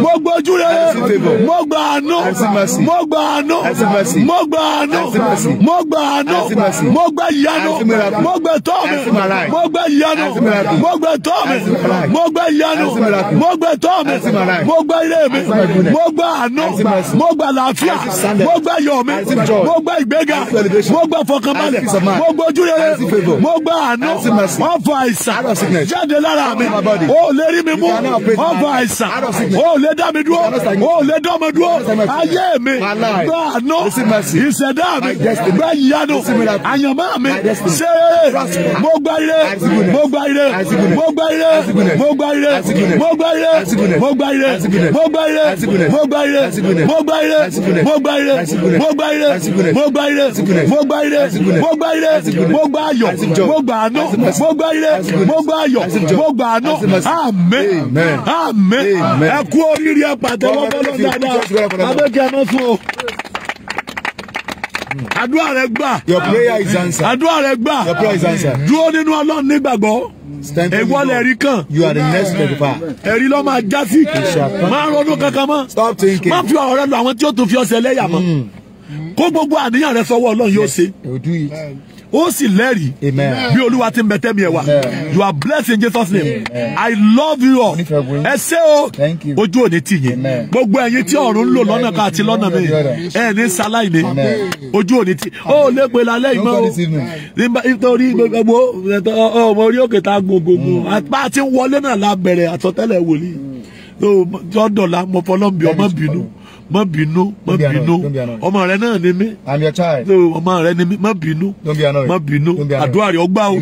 Speaker 2: mo gbé ojúre mo gbé àánú mo gbé àánú mo gbé àánú mo gbé àánú mo gbé yanu mo gbé tọ́ mi mo gbé yanu mo gbé tọ́ mi mo gbé yanu mo gbé tọ́ mi mo gbé ilé mi mo gbé àánú mo gbé àlàáfíà mo gbé yọ mi mo gbé ìgbéga mo gbé fọkànbalẹ̀ mo gbé ojúre mo gbé àánú wọn fọ àìsàn jáde lára mi o lè mi mú ọba àìsàn o lè dá mi dúró o lè dán mi dúró ayé mi gba àánú ìṣẹ̀dá mi gba ìyanu àyànmọ́ mi ṣe mo gba ire mo gba ire mo gba ire mo gba ire mo gba ire mo gba ire mo gba ire mo gba ire mo gba ire mo gba ire mo gba ire mo gba ire mo gba ire mo gba ire mo gba ayọ̀ mo gba àánú mo gba ire mo gba ayọ̀ mo gba àánú àmín àmín ẹ kú oríire ẹ pàtẹ́wọ́ ẹ mọ́ fún o àdúrà rẹ gbà. your prayer is answered. àdúrà rẹ gbà. your prayer is answered. dúró nínú ọlọ́run nígbàgbọ́. stand for you. èwo you are the next beggar. ẹ̀rí ló máa já máa ronú kankan mọ́. stop thinking. má fi ọ̀rọ̀ rẹ lọ àwọn tí ó tún fi ọ̀sẹ̀ lẹ́yà mọ́. Hmm. kó gbogbo àníyàn rẹ sọ́wọ́ ọlọ́run yóò ṣe ó sì lẹ́rìí bí olúwa ti ń bẹ ẹ̀ wá you are blessed in Jesus name Amen. I love you all ẹ ṣé o ojú òní tì yín gbogbo ẹ̀yin tí ọ̀run ń lò lọ́nà kan àti lọ́nà mi ẹ̀ ní sáláìní ojú òní tì ó lè pè lálẹ́ ìmọ̀ o nítorí gbogbo ọmọ orí òkè tá a apá mm. tí wọlé náà la bẹ̀rẹ̀ àsọtẹ́lẹ̀ wòlíì mm. tó dọ̀la mọ̀fọ́lọ́mbì ọmọ bínú má bínú má bínú ọmọ rẹ náà ni mí ọmọ rẹ ni mí má bínú má bínú àdúrà rẹ ọgbà o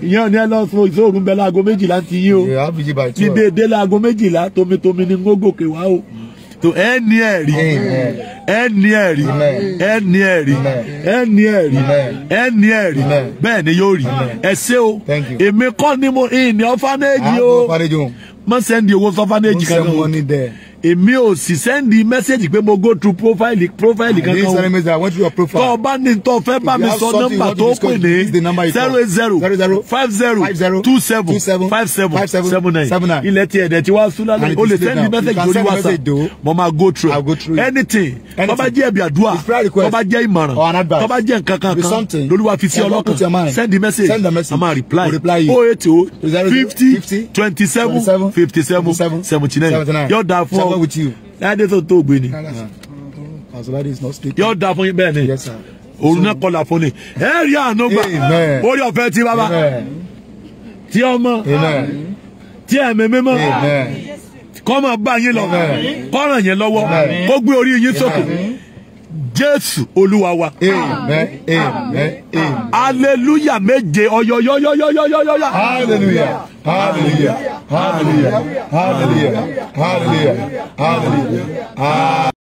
Speaker 2: ìyẹn ní ẹ lọ sọ ìṣòro ń bẹ láago méjìlá ti yí o ní déédé láago méjìlá tomitomi ni ń gòkè wá o to ẹ ní ẹ̀rí ẹ ní ẹ̀rí ẹ ní ẹ̀rí ẹ ní ẹ̀rí ẹ ní ẹ̀rí bẹ́ẹ̀ ni yóò rí ẹ ṣé o èmi kọ́ ni mo ìní ọ̀fánẹ́jì o mọ̀ sẹ́ndì owó sọ́fánẹ́jì kan náà èmi ò sì sẹ́ndì mẹ́sẹ̀gì pé mo go through profile profile kankan o tọ́ ọ bá ní tọ́ fẹ́ bá mi sọ nọ́mbà tó pè ní zero zero five zero two seven five seven seven nine ilẹ̀ tí ẹ̀dẹ̀ tí wá súnlá lẹ́yìn o lè sẹ́ndì mẹ́sẹ̀gì lórí whatsapp mo máa go through anything tó bá jẹ́ ẹ̀bì àdúrà tó bá jẹ́ ìmọ̀ràn tó bá jẹ́ nǹkan kan kan lórí wa fi sí ọlọ́kan sẹ́ndì mẹ́sẹ̀gì a máa reply o oh eight oh o fifty twenty seven fifty seven seventy nine yóò dáa fún ọ wrong with you. ládé tó tó ògbé ni. asolade is not speaking. yóò da fún yín bẹ́ẹ̀ ni. yes sir. òun náà kọlà fún ni. ẹ rí àánú gbà orí Baba. tí bàbá tí ọmọ tí ẹ̀mí mímọ́ kọ́ máa bá yín lọ kọ́ ràn yín lọ́wọ́ kó gbé orí yín sókè jésù olúwa wa. amen amen amen. aleluya méje ọyọyọyọyọyọyọyọ. hallelujah hallelujah hallelujah hallelujah hallelujah
Speaker 4: hallelujah.